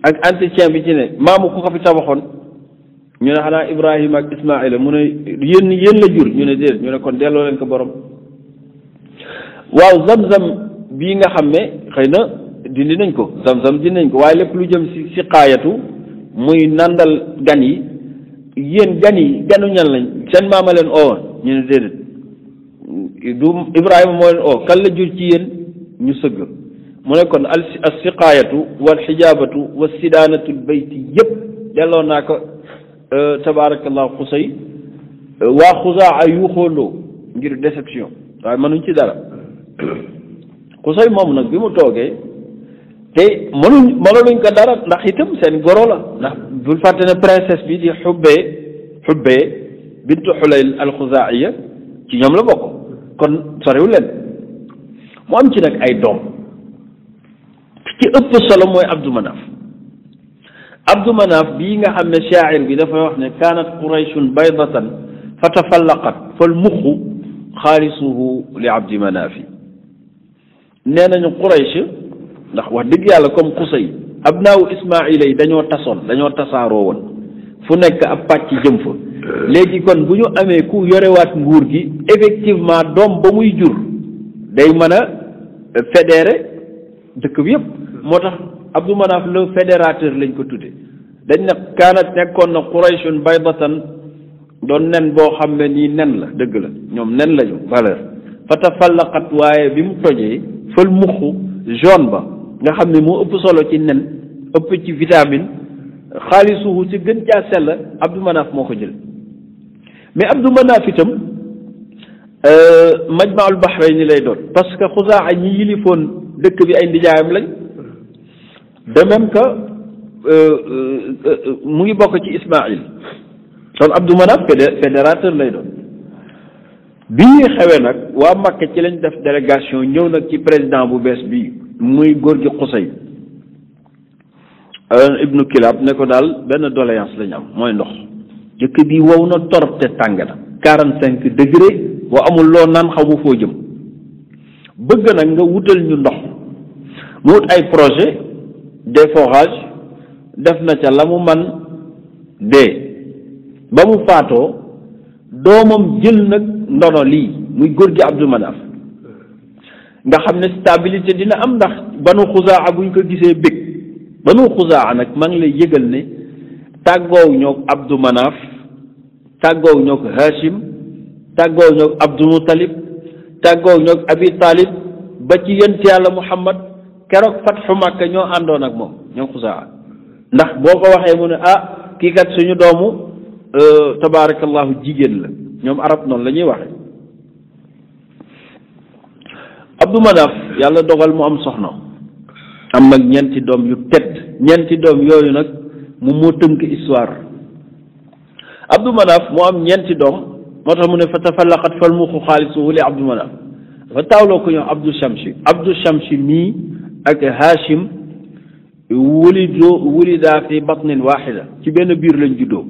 ak entretien bi ci ne maamu ku ko fi tabaxoon ñu ne xanaa Ibrahima ak Ismaila mu ne yéen yéen la jur ñu ne déedéet ñu ne kon delloo leen ko borom waaw zam-zam bii nga xam ne xëy na dindi nañ ko zam-zam dindi nañ ko waaye lépp lu jëm si si muy nandal gan yi yéen gan yi ganu ñan lañ seen maama leen oo ñu ne déedéet du Ibrahima moo leen oo kan la jur ci yéen ñu sëgg mu ne kon al siqaayatu wal xijaabatu wa sidaanatul bayti yépp delloo naa ko. Euh, tabaarakallah xusay euh, waa xusaa ay yuuxooloo ngir déception waaye mënuñ ci dara xusay moom nag bi mu toogee te mënuñ mënaluñ ko dara ndax itam seen goro la ndax bul fàtte ne princesse bi di xubbee xubbee bintu xulayl alxusaaiya ci ñoom la bokk kon soriwul leen mu am ci nag ay doom ci ëpp solo mooy Abdou Manaf abdu manaaf bii nga xam ne shaacir bi dafay wax ne kaanat qurayshun baydatan fa tafallaqat fal muxu xaalisuhu li abdi manaafi nee nañu quraysh ndax wax dëgg yàlla comme xusay abnaawu ismaila yi dañoo tasoon dañoo tasaaroo woon fu nekk ab pàcc jëm fa léegi kon bu ñu amee ku yorewaat nguur gi effectivement doom ba muy jur day mën a fédéré dëkk bi yépp moo tax Abdou Manaf la fédérateur lañ ko tuddee dañ ne kaanat nekkoon na Qurayshun baydatan doon nen boo xam ne nii nen la dëgg la ñoom nen lañu valeur fa tafallaqat waaye bi mu tojee fël muxu jaune ba nga xam ne moo ëpp solo ci nen ëpp ci vitamin xaalisuhu ci gën caa sell Abdou Manaf moo ko jël mais Abdou Manaf itam euh, majmaul bahrayn ni lay doon parce que xusaa ñi yilifoon dëkk bi ay ndijaayam lañ de même que euh, euh, mu ngi bokk ci Ismaïl kon Abdou Manaf fédérateur lay doon bi ñuy xewee nag waa Màkka ci lañ def délégation ñëw nag ci président bu bees bi muy góor gi Xusay ibnu Kilaab ne ko daal benn doléance lañu am mooy ndox jëkk bi wow na torop te tàng na quarante cinq degré boo amul loo naan xamu foo jëm bëgg nag nga wutal ñu ndox mu wut ay projet des def na ca la mu man dee ba mu faatoo doomam jël nag ndono lii muy góor gi Abdou Manaf nga xam ne stabilité dina am ndax banu xuzaa buñ ko gisee bëgg banu xuzaa nag maa lay yëgal ne tàggoow ñoog Abdou Manaf tàggoow ñoog Hachim tàggoow ñoog Abdou Moutalib tàggoow ñoog Abi Talib ba ci yent yàlla Muhammad keroog fatxu Makka ñoo àndoon ak moom ñoom xusaa ndax boo ko waxee mu ne ah kii kat suñu doomu euh, tabaarakallahu jigéen la ñoom arab noonu la ñuy waxee Abdu Manaf yàlla dogal mu am soxna am nag ñeenti doom yu tedd ñeenti doom yooyu nag mu moo tënk histoire Abdu Manaf mu am ñeenti doom moo tax mu ne fa tafallaqat fal muxu xaalisuhu li Abdu Manaf dafa taawloo ko ñoom Abdu Shamshi Abdu Shamshi mii ak Hachim wulido wulida fi batnin waaxida ci benn biir lañ juddoo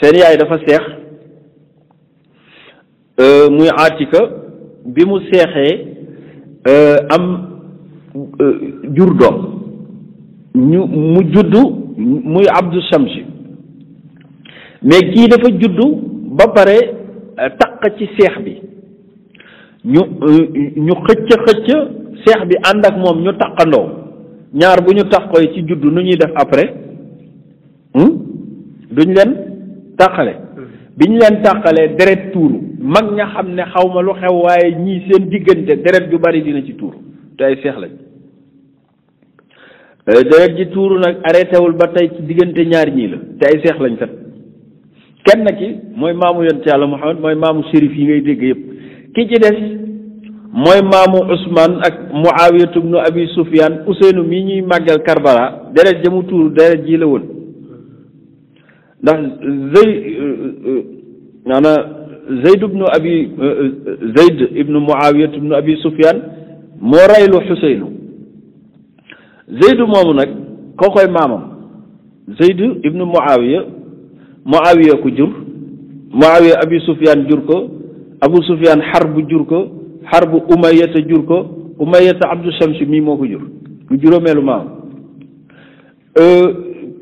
seen yaay dafa seex euh, muy Atika bi mu seexee euh, am euh, jur doom mu juddu muy Abdu Shamsi mais kii dafa juddu ba pare taq ci seex bi ñu ñu xëcc xëcc seex bi ànd ak moom ñu taqandoo ñaar bu ñu taqoy ci juddu nu ñuy def après hmm? duñ leen tàqale biñ leen tàqalee deret tuuru mag ña xam ne xaw ma lu xew waaye ñii seen diggante deret ju bari dina ci tuuru te ay seex lañ eh, deret ji tuuru nag arrêté wul ba tey diggante ñaar ñii la te ay seex lañ kat kenn ki mooy maamu ci yàlla Muhammad mooy maamu shérif yi ngay dégg yëpp ki ci des mooy maamu Ousmane ak Muawiyatu ibnu Abi Sufyaan Ousseynou mii ñuy màggal Karbala deret jamu tuur deret ji la woon ndax Zeyd euh, euh, euh, ibnu Abi Zeyd ibnu Muawiyatu ibnu Abi Sufyaan moo reylu Xuseynu Zeydu moomu nag koo koy maamam Zeyd ibnu Muawiya Muawiya jur Muawiya Abi Sufyaan jur ko Abu Sufyaan Harb jur ko. xarbu umayata jur ko umayata abdu shamsi mii moo ko jur mu juróomeelu maam euh,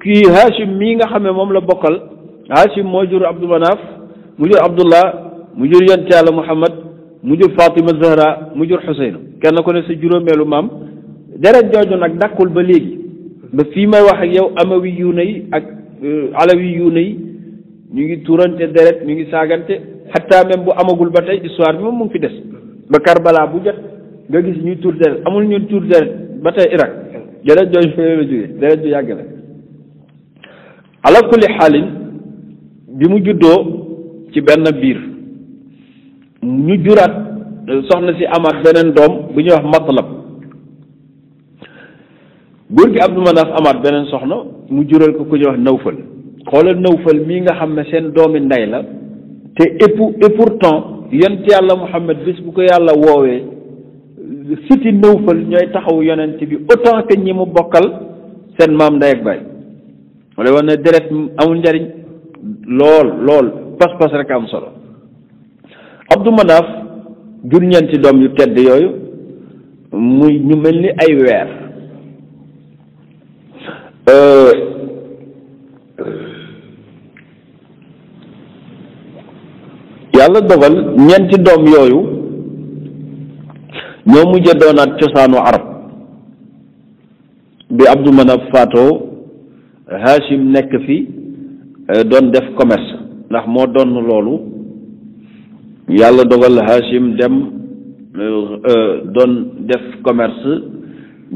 kii hashim mii nga xam ne moom la bokkal hashim moo jur abdu manaaf mu jur abdullah mu jur yonent yàlla muhammad mu jur fatima zahra mu jur xuseyna kenn ko ne sa juróomeelu maam deret jooju nag dakkul ba léegi ba fii may wax ak yow amawi yuuna yi ak euh, alawi yuuna yi ñu ngi turante deret ñu ngi saagante xataa même bu amagul ba tey histoire bi moom mu ngi fi des ba Karbala bu jot nga gis ñuy tuur deret amul ñun tuur deret ba tey Irak deret jooju yàgg la ala kulli bi mu juddoo ci benn biir ñu juraat soxna si amaat beneen doom bu ñuy wax matlab góor gi Abdou Manaf amaat beneen soxna mu jural ko ku ñuy wax nawfal xoolal nawfal mii nga xam ne seen doomi ndey la te et pour yonent yàlla Muhammad bis bu ko yàlla woowee siti nëwfal ñooy taxaw yonent bi autant ka ñi mu bokkal seen maam ndey ak baay wala woon ne deret amul njariñ lool lool pas-pas rek am solo Abdou Manaf jur ñeenti doom yu tedd yooyu muy ñu mel ni ay weer euh, yàlla dogal ñeenti doom yooyu ñoo mujjee doonaat cosaanu arab bi Abdou Manaf faatoo Hachim nekk fi eh, doon def commerce ndax moo doon loolu yàlla dogal Hachim dem eh, eh, doon def commerce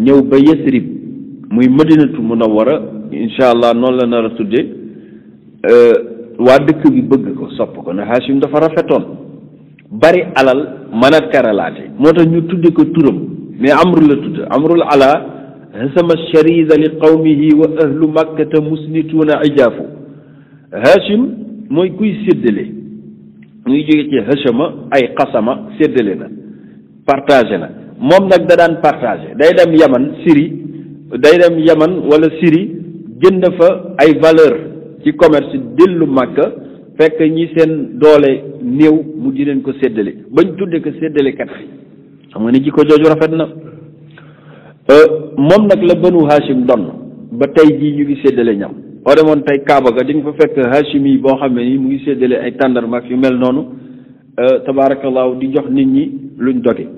ñëw ba Yesrib muy madinatu munawwara incha allah noonu la nar a tudde waa dëkk bi bëgg ko sopp ko na Haasim dafa rafetoon bari alal mën a teralaate moo tax ñu tudde ko turam mais amru la tudd amrul ala hasama sharida li qawmihi wa ahlu makkata musnituuna ijaafu Haasim mooy kuy séddale muy jóge ci hasama ay xasama séddale na partagé na moom nag da daan partagé day dem yaman siri day dem yaman walla Syrie jënd fa ay valeur ci commerce dellu Màkka fekk ñi seen doole néew mu di leen ko séddale bañ tudde ko séddalekat xam nga ni jikko jooju rafet na euh, moom nag la banu Hachim donn ba tey jii ñu ngi séddale ñam boo demoon tey Kaaba ga di nga fa fekk Hachim yi boo xam ne nii mu ngi séddale ay tàndarma yu mel noonu euh, tabaarakallaahu di jox nit ñi luñ doge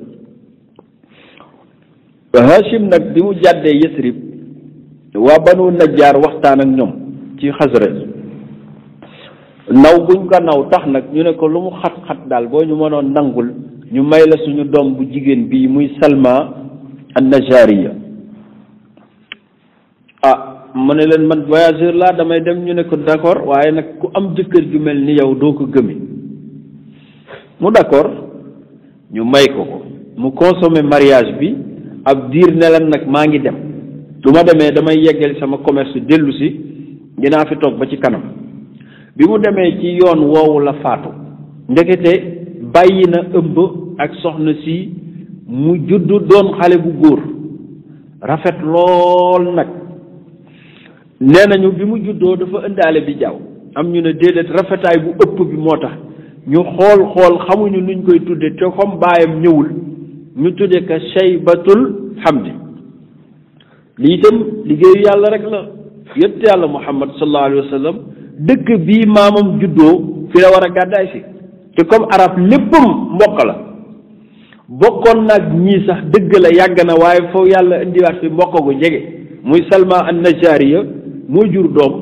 Hachim nag bi mu jàddee Yasrib waa banu Najjaar waxtaan ak ñoom. ci xasraj naw buñ ko naw tax nag ñu ne ko lu mu xat-xat daal boo ñu mënoon nangul ñu may la suñu doom bu jigéen bii muy Salma an-Najariya ah mu ne leen man voyageur laa damay dem ñu ne ko d'accord waaye nag ku am jëkkër ju mel ni yow doo ko gëmi mu d'accord ñu may ko ko mu consommé mariage bi ab diir ne nag maa ngi dem lu ma demee damay yeggali sama commerce dellu si dinaa fi toog ba ci kanam bi mu demee ci yoon woowu la faatu ndekete bàyyi na ëmb ak soxna si mu judd doon xale bu góor rafet lool nag nee nañu bi mu juddoo dafa ëndaale bi jaaw am ñu ne déedéet rafetaay bu ëpp bi moo tax ñu xool xool xamuñu nuñ koy tudde te baayam ñëwul ñu tudde ko shaybatul hamdi lii itam liggéeyu yàlla rek la yonent yàlla muhammad sallallahu alayhi wa dëkk bii maamam juddoo fi la war a gàddaay si te comme arab léppam mbokk la bokkoon nag ñii sax dëgg la yàgg na waaye foofu yàlla indiwaat fi mbokk gu jege muy salma an najariya moo jur doom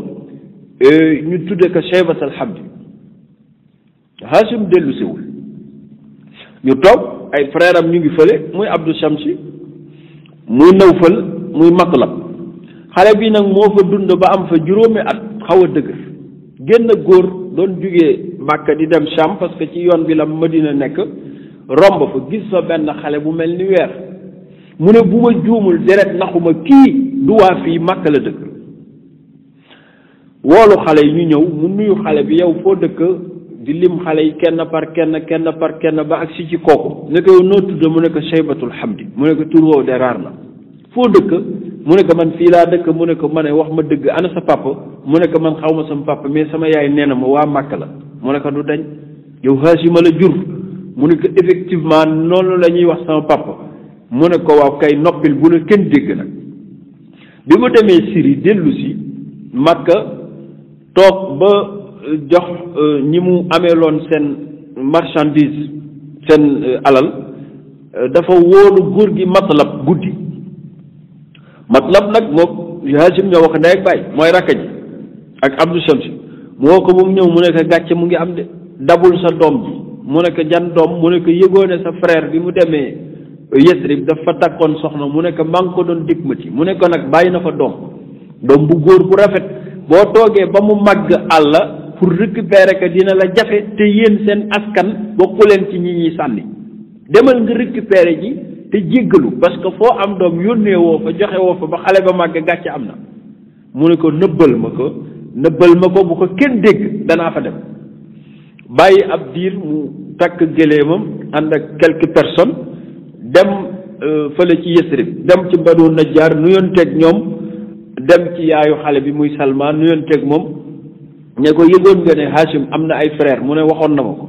e, ñu tudde ko cheybat alhamdi hashim dellu siwul ñu toog ay frère ñu ngi fële muy abdou shamsi muy nawfal muy matlab xale bi nag moo fa dund ba am fa juróomi at xaw a dëgg génn góor doon jóge Màkka di dem Sham parce que ci yoon bi la ma Madina nekk romb fa gis fa benn xale bu mel ni weer mu ne bu ma juumul deret naxuma kii du waa fii la dëkk woolu xale yi ñu ñëw mu nuyu xale bi yow foo dëkk di lim xale yi kenn par kenn kenn par kenn ba ak si ci kooku ne ko yow noo tudd mu ne ko xam di mu ne ko tur de raar na foo dëkk mu ne ko man fii laa dëkk mu ne ko ma wax ma dëgg ana sa papa mu ne ko man xawma ma sama papa mais sama yaay nena na ma waa màkk la mu ne ko du dañ yow Haashima la jur mu ne ko effectivement noonu la ñuy wax sama papa mu ne ko waaw kay noppil bu la kenn dégg nag bi mu demee Syrie dellu si toog ba euh, jox euh, ñi mu amee ameeloon seen marchandise seen euh, alal dafa wóolu góor gi matalab guddi matlab nag moom Haashim ñoo wax ndey ak baay mooy rakk ji ak Abdu Shamsi mu woo ko mu ñëw mu nekk ko gàcce mu ngi am de dabul sa doom bi mu nekk jan doom mu nekk ko yëgoone sa frère bi mu demee Yesrib dafa takkoon soxna mu nekk ko ko doon dikmati mu nekk nag bàyyi na fa doom doom bu góor bu rafet boo toogee ba mu màgg àlla pour récupérer ko dina la jafe te yéen seen askan bokku leen ci ñi ñuy sànni demal nga récupérer ji te jéggalu parce que foo am doom yónnee woo fa joxe fa ba xale ba màgg gàcce am na mu ne ko nëbbal ma ko nëbbal ma ko bu ko kenn dégg danaa fa dem bàyyi ab diir mu takk géléemam ànd ak quelques personnes dem euh, fële ci Yesrib dem ci Banu Najjaar nuyonteeg ñoom dem ci yaayu xale bi muy Salman nuyonteeg moom ne ko yëgoon nga ne Hachim am na ay frère mu ne waxoon na ma ko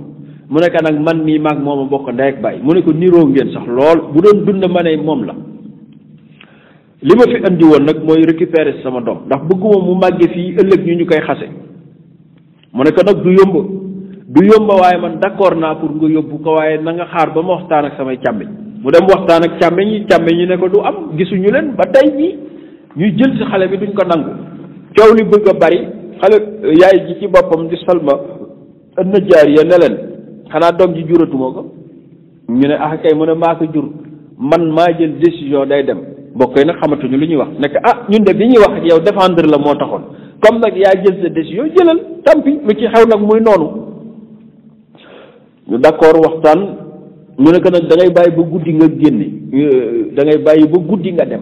mu nekk nag man mii maag moom a bokk ndey ak baay mu ne ko niroo ngeen sax lool bu doon dund ma ne moom la li ma fi andi woon nag mooy récupérer sama doom ndax bëgguma mu màggee fii ëllëg ñu ñu koy xase mu ne ko nag du yomb du yomb waaye man d'accord naa pour nga yóbbu ko waaye na nga xaar ba mu waxtaan ak samay càmmiñ mu dem waxtaan ak càmmiñ yi càmmiñ yi ne ko du am gisuñu leen ba tey bii ñuy jël si xale bi duñ ko nangu coow li bëgg a bari xale yaay ji ci boppam di salma ënn jaar leen xanaa doom ji juratuma ko ñu ne ah kay mu ne maa jur man maa jël décision day dem bokk yi nag xamatuñu lu ñuy wax nekk ah ñun de bi ñuy wax ak yow défendre la moo taxoon comme nag yaa jël sa décision jëlal tampi lu ci xew nag muy noonu ñu d'accord waxtaan mu ne ko nag da ngay bàyyi ba guddi nga génne euh, da ngay bàyyi ba guddi nga dem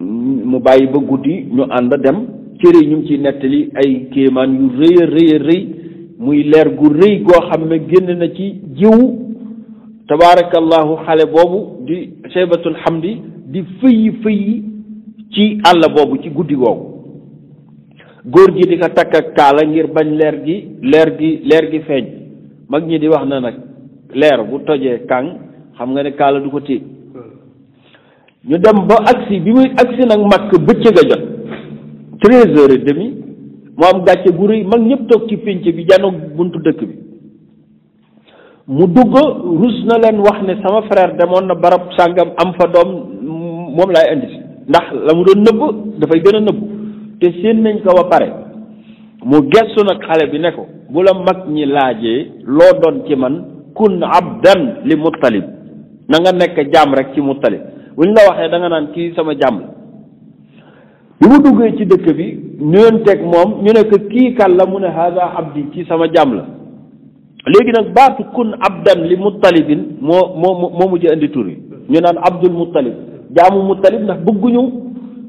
mu bàyyi ba guddi ñu ànd dem cëre ñu ngi ciy nettali ay kéemaan yu rëy a rëy a rëy muy leer gu rëy goo xam ne génn na ci jiwu tabaarakallahu xale boobu di saybatul xamdi di fëyi fëyi ci àll boobu ci guddi googu góor gi di ko takk ak kaala ngir bañ leer gi leer gi leer gi feeñ mag ñi di wax na nag leer bu tojee kàng xam nga ne kaala du ko téye ñu dem ba agsi bi muy agsi nag makk bëccëg a jot treize heures et mu am gàcce gu rëy mag ñëpp toog ci pénc bi janoog buntu dëkk bi mu dugg rus na leen wax ne sama frère demoon na barab sàngam am fa doom moom laay indi si ndax la mu doon nëbb dafay gën a nëbb te séen nañ ko ba pare mu gestu nag xale bi ne ko bu la mag ñi laajee loo doon ci man kun abdan li muttalib na nga nekk jaam rek ci muttalib bu ñu la waxee da nga naan kii sama jàmm bi mu duggee ci dëkk bi ñëwoon teg moom ñu ne kii kan la mu ne haada abdi ci sama jaam la léegi nag baatu kun abdan li muttalibin moo moo moo mujj indi tur yi ñu naan abdul muttalib jaamu muttalib ndax bëgguñu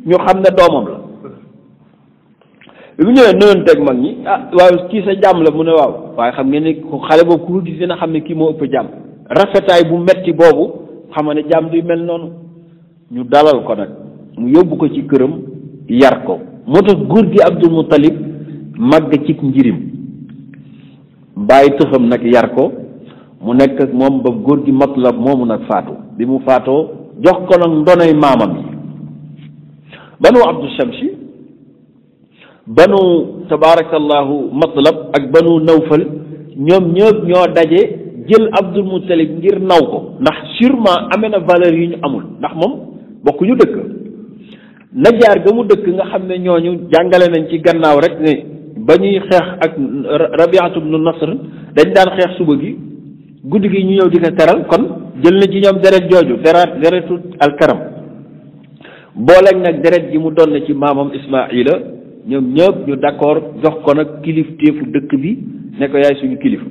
ñu xam ne doomam la bi mu ñëwee nëwoon teg mag ñi ah waaw kii sa jàmm la mu ne waaw waaye xam ngeen ne xale boobu ku ko gis dina xam ne kii moo ëpp jàmm rafetaay bu metti boobu xam ne jàmm du mel noonu ñu dalal ko nag mu yóbbu ko ci këram yar ko moo tax góor gi Abdul Muttalib màgg ci njirim bàyyi tëxam nag yar ko mu nekk moom ba góor gi matlab moomu nag faatu bi mu faatoo jox ko nag ndonay maamam yi banu Abdu Shamsi banu tabaarakallahu matlab ak banu nawfal ñoom ñëpp ñoo daje jël Abdul Muttalib ngir naw ko ndax sûrement amee na valeur yi ñu amul ndax moom bokkuñu dëkk najaar ga mu dëkk nga xam ne ñooñu jàngale nañ ci gannaaw rek ne ba ñuy xeex ak rabiatu bnu nasr dañ daan xeex suba gi guddi gi ñu ñëw di teral kon jël na ci ñoom deret jooju deret deretu alkaram booleeg nag deret ji mu doon na ci maamam ismaila ñoom ñëpp ñu d'accord jox ko nag kilif téefu dëkk bi ne ko yaay suñu kilifa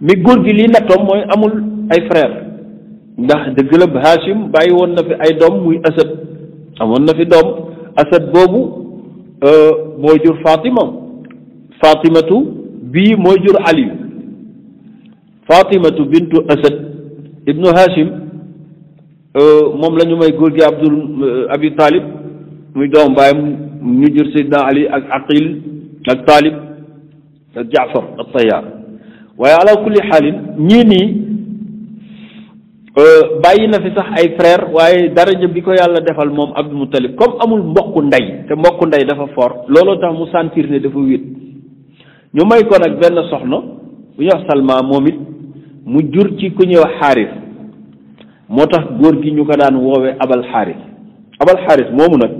mi góor gi lii nattoom mooy amul ay frère ndax dëgg la hashim bàyyi woon na fi ay doom muy asad amoon na fi doom asad boobu euh, moo jur fatima fatimatu bii moo jur aliyu fatimatu bintu asad ibnu hashim euh, moom la ñu may góor gi abdul euh, abi talib muy doom bàyyam ñu jur seydna ali ak aqil ak talib ak jaafar ak tayaar waaye ala kulli xaalin ñii nii bàyyi na fi sax ay frère waaye daraja bi ko yàlla defal moom Abdou Moutalib comme amul mbokku ndey te mbokku ndey dafa fort looloo tax mu sentir ne dafa wéet ñu may ko nag benn soxna bu ñuy wax Salma moom it mu jur ci ku ñuy wax xaaris moo tax góor gi ñu ko daan woowee abal xaaris abal xaaris moomu nag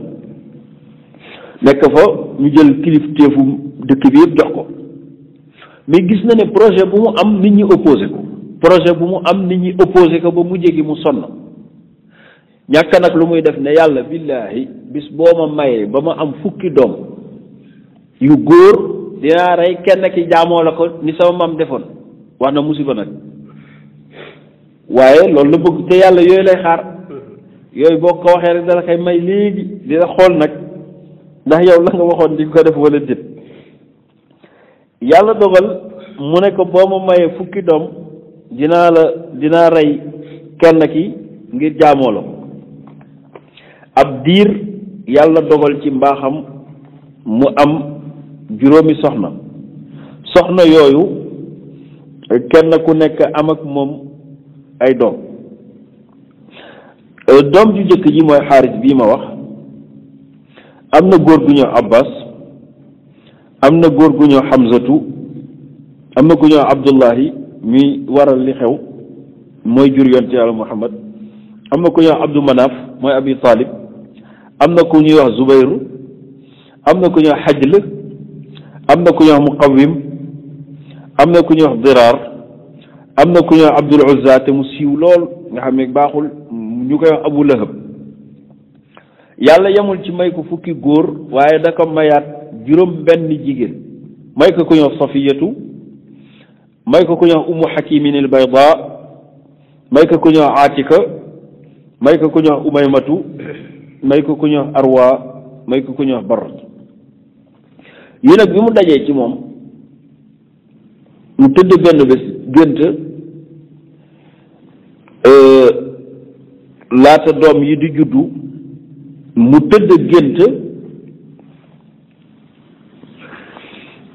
nekk fa ñu jël kilifteefu dëkk bi yëpp jox ko mais gis na ne projet bu mu am nit ñi opposé ko. projet bu mu am nit ñi opposé ko ba mu jégi mu sonn ñàkk nag lu muy def ne yàlla billaahi bis boo ma mayee ba ma am fukki doom yu góor dinaa rey kenn ki jaamoo la ko ni sama maam defoon wax na musiba nag waaye loolu la bëgg te yàlla yooyu lay xaar yooyu boo ko waxee rek dala koy may léegi dina xool nag ndax yow la nga waxoon di ko def wala déet yàlla dogal mu ne ko boo ma mayee fukki doom dinaa la dinaa rey kenn ki ngir jaamoo la ab diir yàlla dogal ci mbaaxam mu am juróomi soxna soxna yooyu kenn ku nekk am ak moom ay doom euh, doom ju jëkk ji mooy xaaris bii ma wax am na góor gu ñëw abbas am na góor gu ñëw xamsatu am na ku ñëw abdullahi mi waral li xew mooy jur yoon ci yàlla muhammad am na ku ñuy wax abdou mooy abi talib am na ku ñuy wax zubayru am na ku ñuy wax xajl am na ku ñuy wax muqawim am na ku ñuy wax diraar am na ku ñuy mu siiw lool nga xam ne baaxul ñu koy wax abu lahab yàlla yemul ci may ko fukki góor waaye da ko mayaat juróom benn jigéen may ko ku ñuy wax safiyatu may ko ku ñuy wax ummu xakimin il bayda may ko ku ñuy atika may ko ku ñuy wax may ko ku ñuy wax arwa may ko ku ñuy bar yi nag bi mu dajee ci moom mu tëdd benn bés gént euh, laata doom yi di juddu mu tëdd gént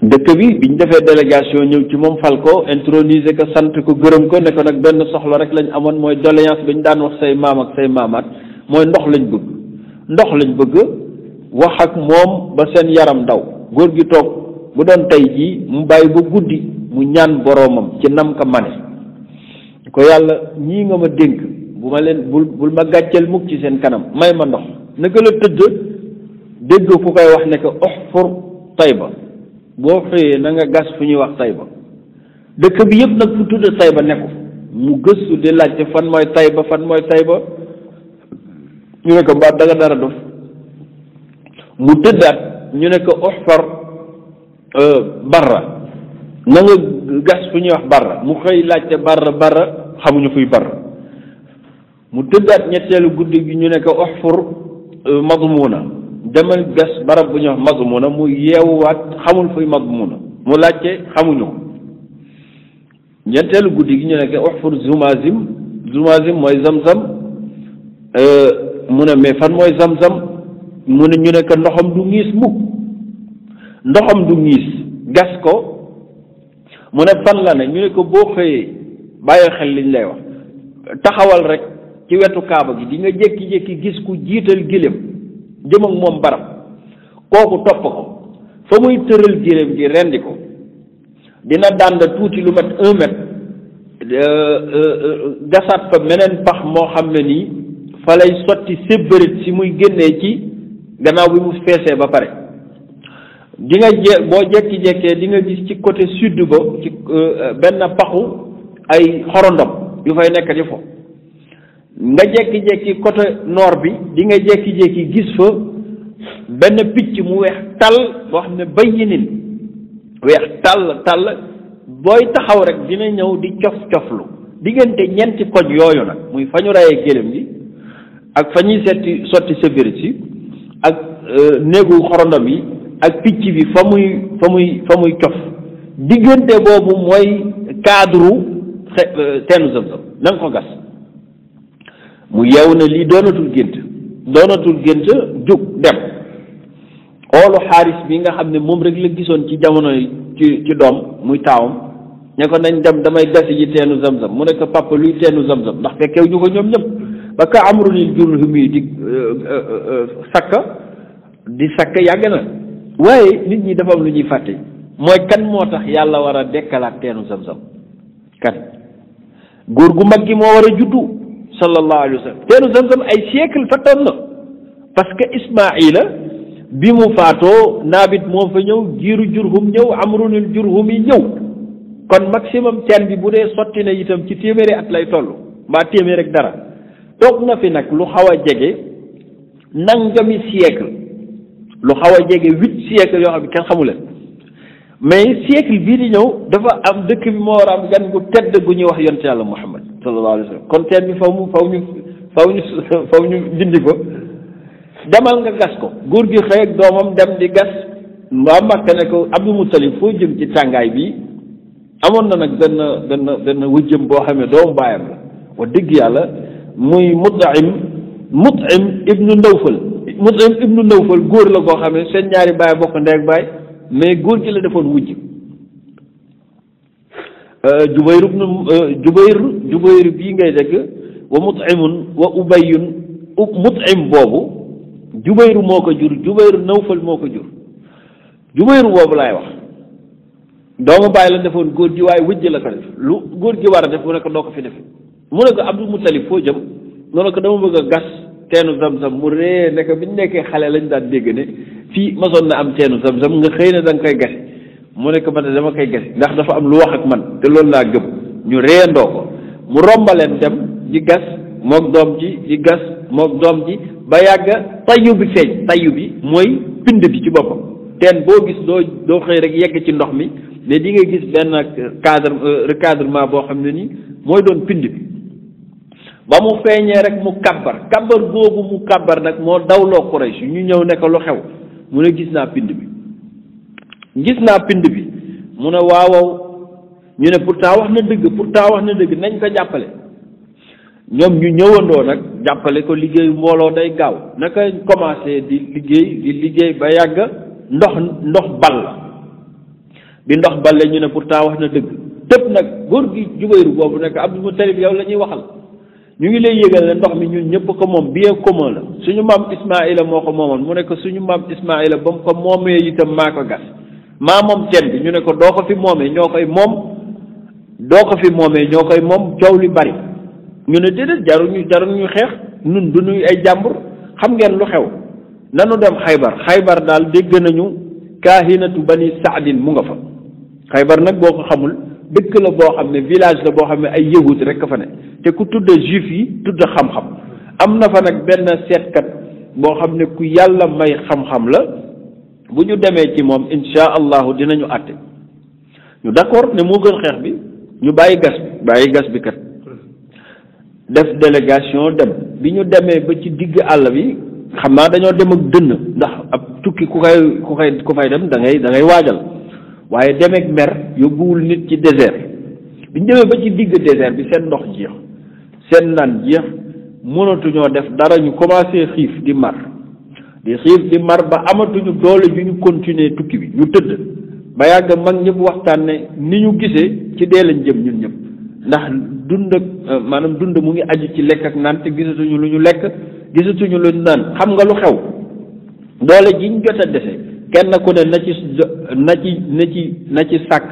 dëkk bi bi ñu defee délégation ñëw ci moom fal ko introniser ko sant ko gërëm ko ne ko nag benn soxla rek lañ amoon mooy doléance bi ñu daan wax say maam ak say maamaat mooy ndox lañ bëgg ndox lañu bëgg wax ak moom ba seen yaram daw góor gi toog bu doon tey jii mu bàyyi ba guddi mu ñaan boroomam ci nam ka mane ko yàlla ñii nga ma dénk bu ma leen bul bul ma gàcceel mukk ci seen kanam may ma ndox naka la tëdd dégg ku koy wax ne ko oxfur Tayba boo xëyee na nga gas fu ñuy wax Tayba dëkk bi yëpp nag fu tudd Tayba ne ko mu gëstu di laajte fan mooy Tayba fan mooy Tayba ñu ne ko mbaat da nga dara dof mu tëddaat ñu ne ko oxfar euh, barra na nga gas fu ñuy wax barra mu xëy laajte barra barra xamuñu fuy barra mu tëddaat ñetteelu guddi gi ñu ne ko oxfur euh, madmuna demal gas barab bu ñuy wax mazmuna mu yeewuwaat xamul fuy mazmuna mu laajte xamuñu ko ñeenteelu guddi gi ñu nekk uxfur zumazim zumazim mooy zamzam euh, mu ne mais fan mooy zamzam mu ne ñu nekk ndoxam du ngiis mukk ndoxam du ngiis gas ko mu ne fan la ne ñu ne ko boo xëyee bàyyi xel liñ lay wax taxawal rek ci wetu kaaba gi di nga jékki-jékki gis ku jiital giléem jëm moom barab kooku topp ko fa muy tëral jërëm gi rendi ko dina dànd tuuti lu mat un mètre euh, euh, gasaat fa meneen pax moo xam ne nii fa lay sotti sébbarit si muy génnee ci gannaaw bi mu feesee ba pare di nga je boo jekki-jekkee di nga gis ci côté sud ba ci euh, benn paxu ay xorondom yu fay nekk di fo nga jekki-jekki côté noor bi di nga jekki-jekki gis fa benn picc mu weex tàll boo xam ne bayyinin weex tàll tàll booy taxaw rek dina ñëw di cof coflu diggante ñeenti koj yooyu nag muy fa ñu rayee gélém gi ak fa ñuy setti sotti sévérité si ak euh, néegu xorondom yi ak picc bi fa muy fa muy fa muy cof diggante boobu mooy cadre euh, teenu zëm-zëm na nga ko gas mu yeew ne lii doonatul gént doonatul gént jug dem xoolu xaaris bi nga xam ne moom rek la gisoon ci jamono ci ci doom muy taawam ne ko nañ dem damay gasi ji teenu zam-zam mu nekk ko papa luy teenu zam-zam ndax fekkew ñu ko ñoom ñëpp ba ka amrunil jurhumi di euh, euh, euh, sakk di sakk yàgg na waaye nit ñi dafa am lu ñuy fàtte mooy kan moo tax yàlla war a dekkalaat teenu zam kan góor gu mag gi moo war a juddu sallallahu alayhi wa sallam teenu zamzam ay siècle fattoon na parce que ismaila bi mu faatoo naabit moo fa ñëw giiru jurhum ñëw amrunil jurhum yi ñëw kon maximum teen bi bu dee sotti na itam ci téeméeri at lay toll mbaa téeméer rek dara toog na fi nag lu xaw a jege nangami siècle lu xaw a jege huit siècle yoo xam ne kenn xamu mais siècle bii di ñëw dafa am dëkk bi moo war am gan gu tedd gu ñuy wax yonte yàlla Muhammad sallallahu alayhi wa sallam kon teen bi faw mu faw ñu faw ñu faw ñu dindi ko demal nga gas ko góor gi xëy ak doomam dem di gas waa Màkka ne ko Abdul Muttalib foo jëm ci tàngaay bi amoon na nag benn benn benn wëjjëm boo xam ne doomu baayam la wax dëgg yàlla muy Mut'im Mut'im ibnu Nawfal Mut'im ibnu Nawfal góor la koo xam ne seen ñaari baay bokk ndeeg baay mais góor gi la defoon wujj euh, jubayr ibnu euh, jubayr jubayr bii ngay dégg wa mut'imun wa ubayun mut'im boobu jubayru moo ko jur jubayru nawfal moo ko jur jubayru boobu laay wax doomu bàyyi la defoon góor gi waaye wujj la ko def lu góor gi war a def mu ne ko doo ko fi def mu ne ko abdul mutalib foo jëm mu ne ko dama bëgg a gas teenu zam-zam mu ree nekk bi ñu nekkee xale lañ daan dégg ne fii masoon na am teenu zam-zam nga xëy na da koy gasi mu nekk man dama koy gasi ndax dafa am lu wax ak man te loolu laa gëm ñu reendoo ko mu rombaleen dem di gas mook doom ji di gas mook doom ji ba yàgg tayyu bi feeñ tayyu bi mooy pind bi ci boppam teen boo gis doo doo xëy rek yegg ci ndox mi mais di nga gis benn cadre euh, recadrement boo xam ne nii mooy doon pind bi ba mu feeñee rek mu kabbar kabbar googu mu kabbar nag moo dawloo Quraysh ñu ñëw nekk ko lu xew mu ne gis naa pind bi gis naa pind bi mu ne waawaw ñu ne pourtant wax na dëgg pourtant wax na dëgg nañ ko jàppale ñoom ñu ñëwandoo nag jàppale ko liggéey mbooloo day gaaw naka commencé di liggéey liggéey ba yàgg ndox ndox bal la bi ndox balle ñu ne pourtant wax na dëgg tëb nag góor gi jubayru boobu nekk Abdul Mutalib yow la ñuy waxal ñu ngi lay yëgal ne ndox mi ñun ñëpp ko moom bien commun la suñu maam Ismaïla moo ko moomoon mu ne ko suñu maam Ismaïla ba mu ko moomee itam maa ko gas maa moom teen bi ñu ne ko doo ko fi moomee ñoo koy moom doo ko fi moomee ñoo koy moom coow li bari ñu ne déedéet jaruñu ñu jarul xeex nun du ñuy ay jàmbur xam ngeen lu xew nanu dem xaybar xaybar daal dégg nañu kaahinatu bani saadin mu nga fa xaybar nag boo ko xamul dëkk la boo xam ne village la boo xam ne ay yahud rek ka fa ne te ku tudd juif yi tudd xam-xam am na fa nag benn seetkat boo xam ne ku yàlla may xam-xam la bu ñu demee ci moom insha allahu dinañu àtte ñu d'accord ne moo gën xeex bi ñu bàyyi gas bi bàyyi gas bi kat def délégation dem bi ñu demee ba ci digg àll bi xam naa dañoo dem ak dënn ndax ab tukki ku koy ku koy ku fay dem da ngay da waajal waaye demeeg mer yóbbuwul nit ci désert bi ñu demee ba ci digg désert bi seen ndox jeex seen naan jeex mënatuñoo def dara ñu commencé xiif di mar di xiif di mar ba amatuñu doole ju ñu continuer tukki bi ñu tëdd ba yàgg mag ñëpp waxtaan ne ni ñu gisee ci dee lañ jëm ñun ñëpp ndax dund ak euh, maanaam dund mu ngi aju ci lekk ak naan te gisatuñu lu ñu lekk gisatuñu lu ñu naan xam nga lu xew doole ji ñu jot a dese kenn ku ne na ci na ci na ci na ci sàkk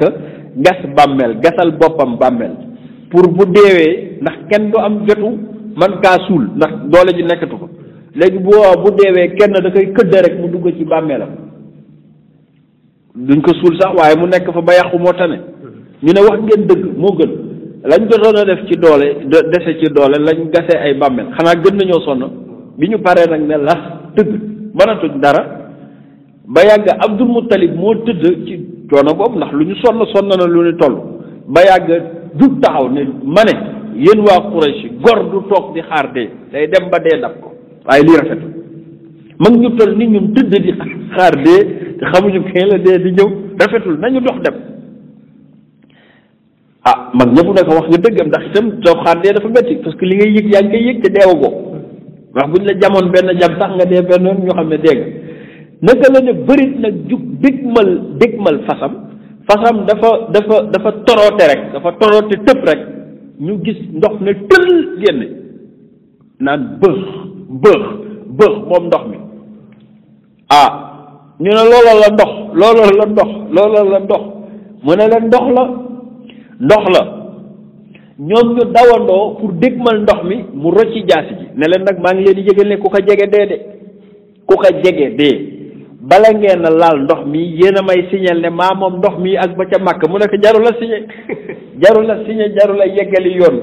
gas bàmmeel gasal boppam bàmmeel pour bu deewee ndax kenn du am jotu man kaa suul ndax doole ji nekkatu ko léegi bu woo bu deewee kenn da koy këdd rek mu dugg ci bàmmeelam duñ ko suul sax waaye mu nekk fa ba yàqu moo tane ñu ne wax ngeen dëgg moo gën lañ jotoon def ci doole dese ci doole lañ gasee ay bàmmeel xanaa gën nañoo sonn bi ñu paree nag ne las dëgg mënatuñ dara ba yàgg Abdul Muttalib moo tëdd ci coono boobu ndax lu ñu sonn sonn na lu ñu toll ba yàgg jug taxaw ne mane ne yéen waa Quraysh gor du toog di xaar dee day dem ba dee dab ko waaye lii rafetul mag ñu toll ni ñun tëdd di xaar dee te xamuñu ñëw rafetul nañu dox dem ah mag ñëpp nag wax nga dëggam ndax itam toog xaar dee dafa métti parce que li ngay yëg yaa ngi yëg te deewagoo ndax buñ la jamoon benn jam sax nga dee benn yoon ñu xam ne dégg naka la ne bërit nag jug dégmal dégmal fasam fasam dafa dafa toroote rek dafa toroote tëb rek ñu gis ndox ne tël génn naan bëx bëx bëx moom ndox mi ah ñu ne looloo la ndox looloo la ndox looloo la ndox mu ne leen ndox la ndox la ñoom ñu dawandoo pour dégmal ndox mi mu rocci jaasi ji ne leen nag maa ngi leen di yëgal ne ku ko jege dee de ku ko jege dee bala ngeen a laal ndox mi yéen a may signal ne maa moom ndox mii ak ba ca màkk mu nekk jarul a signé jarul a signé jarul yeggali yoon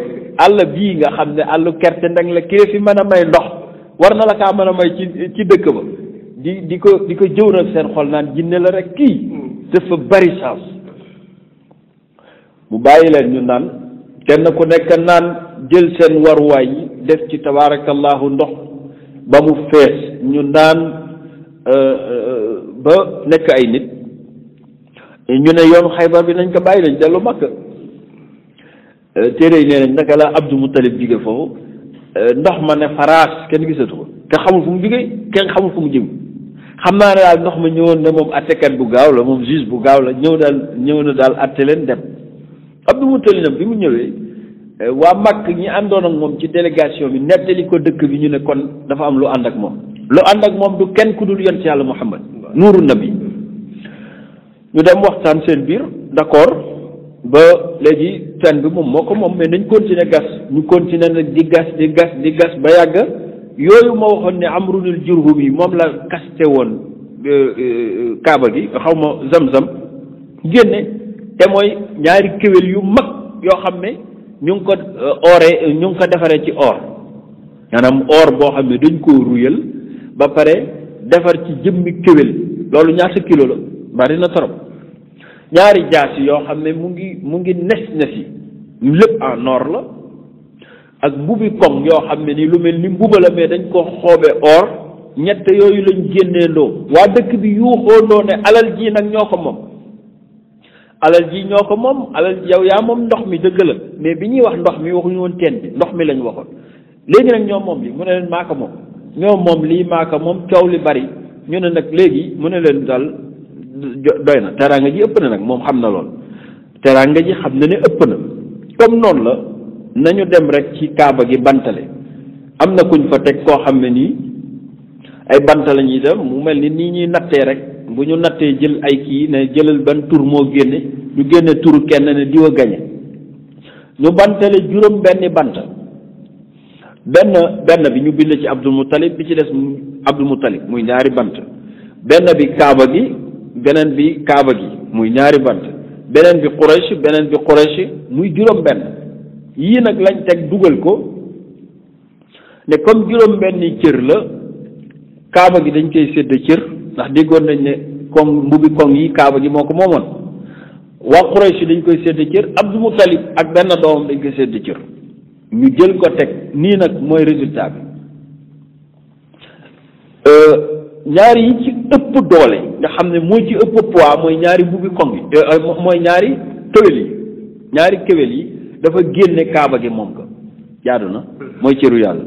àll bii nga xam ne àll kerte ndang la kii fi mën a may ndox war na la kaa man a may ci ci dëkk ba di di ko di ko jëw nag seen xol naan jinne la rek kii dafa bari chance mu bàyyi leen ñu naan kenn ku nekk naan jël seen waruwaay yi def ci tabaarakallahu ndox ba mu fees ñu naan Euh, euh, ba nekk ay nit ñu ne yoonu xaybar bi nañ ko bàyyi nañ dellu Makka euh, téere yi nee nañ naka la Abdou Moutalib jóge foofu ndox ma ne faraas kenn gisatu ko te xamul fu mu jóge kenn xamul fu mu jëm xam naa ne daal ndox ma ñëwoon na moom attekat bu gaaw la moom juge bu gaaw la ñëw daal ñëw na daal atte leen dem Abdou Moutalib nag bi mu ñëwee waa Makka ñi àndoon ak moom ci délégation bi nettali ko dëkk bi ñu ne kon dafa am lu ànd ak moom lu ànd ak moom du kenn ku dul yonent yàlla Muhammad nuuru nabi ñu dem waxtaan seen biir d'accord ba léegi teen bi moom moo ko moom mais nañ continuer gas ñu continuer nag di gas di gas di gas ba yàgg yooyu ma waxoon ne amrunul jurhum yi moom la kaste woon euh, euh, kaaba gi xaw ma zam-zam génne te mooy ñaari kéwél yu mag yoo xam ne ñu ngi ko euh, ore ñu ngi ko defaree ci or maanaam or boo xam ne duñ koo ruyal ba pare defar ci jëmmi kéwél loolu ñaata kilo la bari na trop ñaari jaasi yoo xam ne mu ngi mu ngi nes nesi lépp en or la ak mbubi koŋ yoo xam ne ni lu mel ni mbuba la mais dañ ko xoobe or ñett yooyu lañ génneendoo waa dëkk bi yuuxoondoo ne alal ji nag ñoo ko moom alal ji ñoo ko moom alal yow yaa moom ndox mi dëgg la mais bi ñuy wax ndox mi waxuñu woon teen bi ndox mi lañ waxoon léegi nag ñoom moom li mu ne leen maa ko moom ñoo moom lii maaka moom coow li bari ñu ne nag léegi mu ne leen daal doy na teraanga ji ëpp na nag moom xam na lool teraanga ji xam na ne ëpp na comme noon la nañu dem rek ci kaaba gi bantale am na kuñ fa teg koo xam ne nii ay bantale ñuy def mu mel ni nii ñuy nattee rek bu ñu nattee jël ay kii ne jëlal ban tur moo génne ñu génne turu kenn ne diwa gañe ñu bantale juróom benni bant benn benn bi ñu bind ci Abdul Muttalib bi ci des mu Abdul Muttalib muy ñaari bant benn bi Kaaba gi beneen bi Kaaba gi muy ñaari bant beneen bi Quraysh beneen bi Quraysh muy juróom-benn yii nag lañ teg dugal ko ne comme juróom-benni cër la Kaaba gi dañ koy sedd cër ndax déggoon nañ ne koŋ mbubbi koŋ yi Kaaba gi moo ko moomoon waa Quraysh dañ koy sédd cër Abdul Muttalib ak benn doomam dañ koy sédd cër. ñu jël ko teg nii nag mooy résultat bi euh, ñaar yi ci ëpp doole nga xam ne mooy ci ëpp poids mooy ñaari bubbi kong yi euh, euh, mooy ñaari kéwél yi ñaari kéwél yi dafa génne kaaba gi moom ko jaadu na mooy cëru yàlla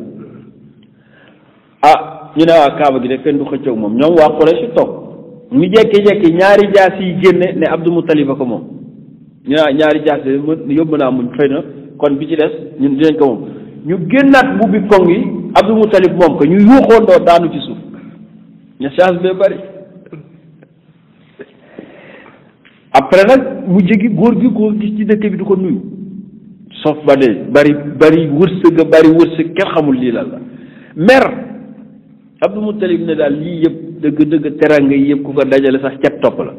ah ñu ne waa kaaba gi de kenn du xëccoog moom ñoom waa Quraysh toog ñu jekki-jekki ñaari jaas yi génne ne Abdou Moutalib ko moom ñu ne ñaari jaas yi yóbbu naa muñ xëy na kon bi ci des ñun dinañ ko moom ñu génnaat mbubbi koŋ yi Abdou Moutalib moom ko ñu yuuxoondoo daanu ci suuf ña bee bari après nag mu jegi góor gi koo gis ci dëkk bi du ko nuyu sof ba de bari bari wërsëg a bari wërsëg kenn xamul lii lan la mer Abdou Moutalib ne daal lii yëpp dëgg dëgg teranga yi yëpp ku ko dajale sax ceeb topp la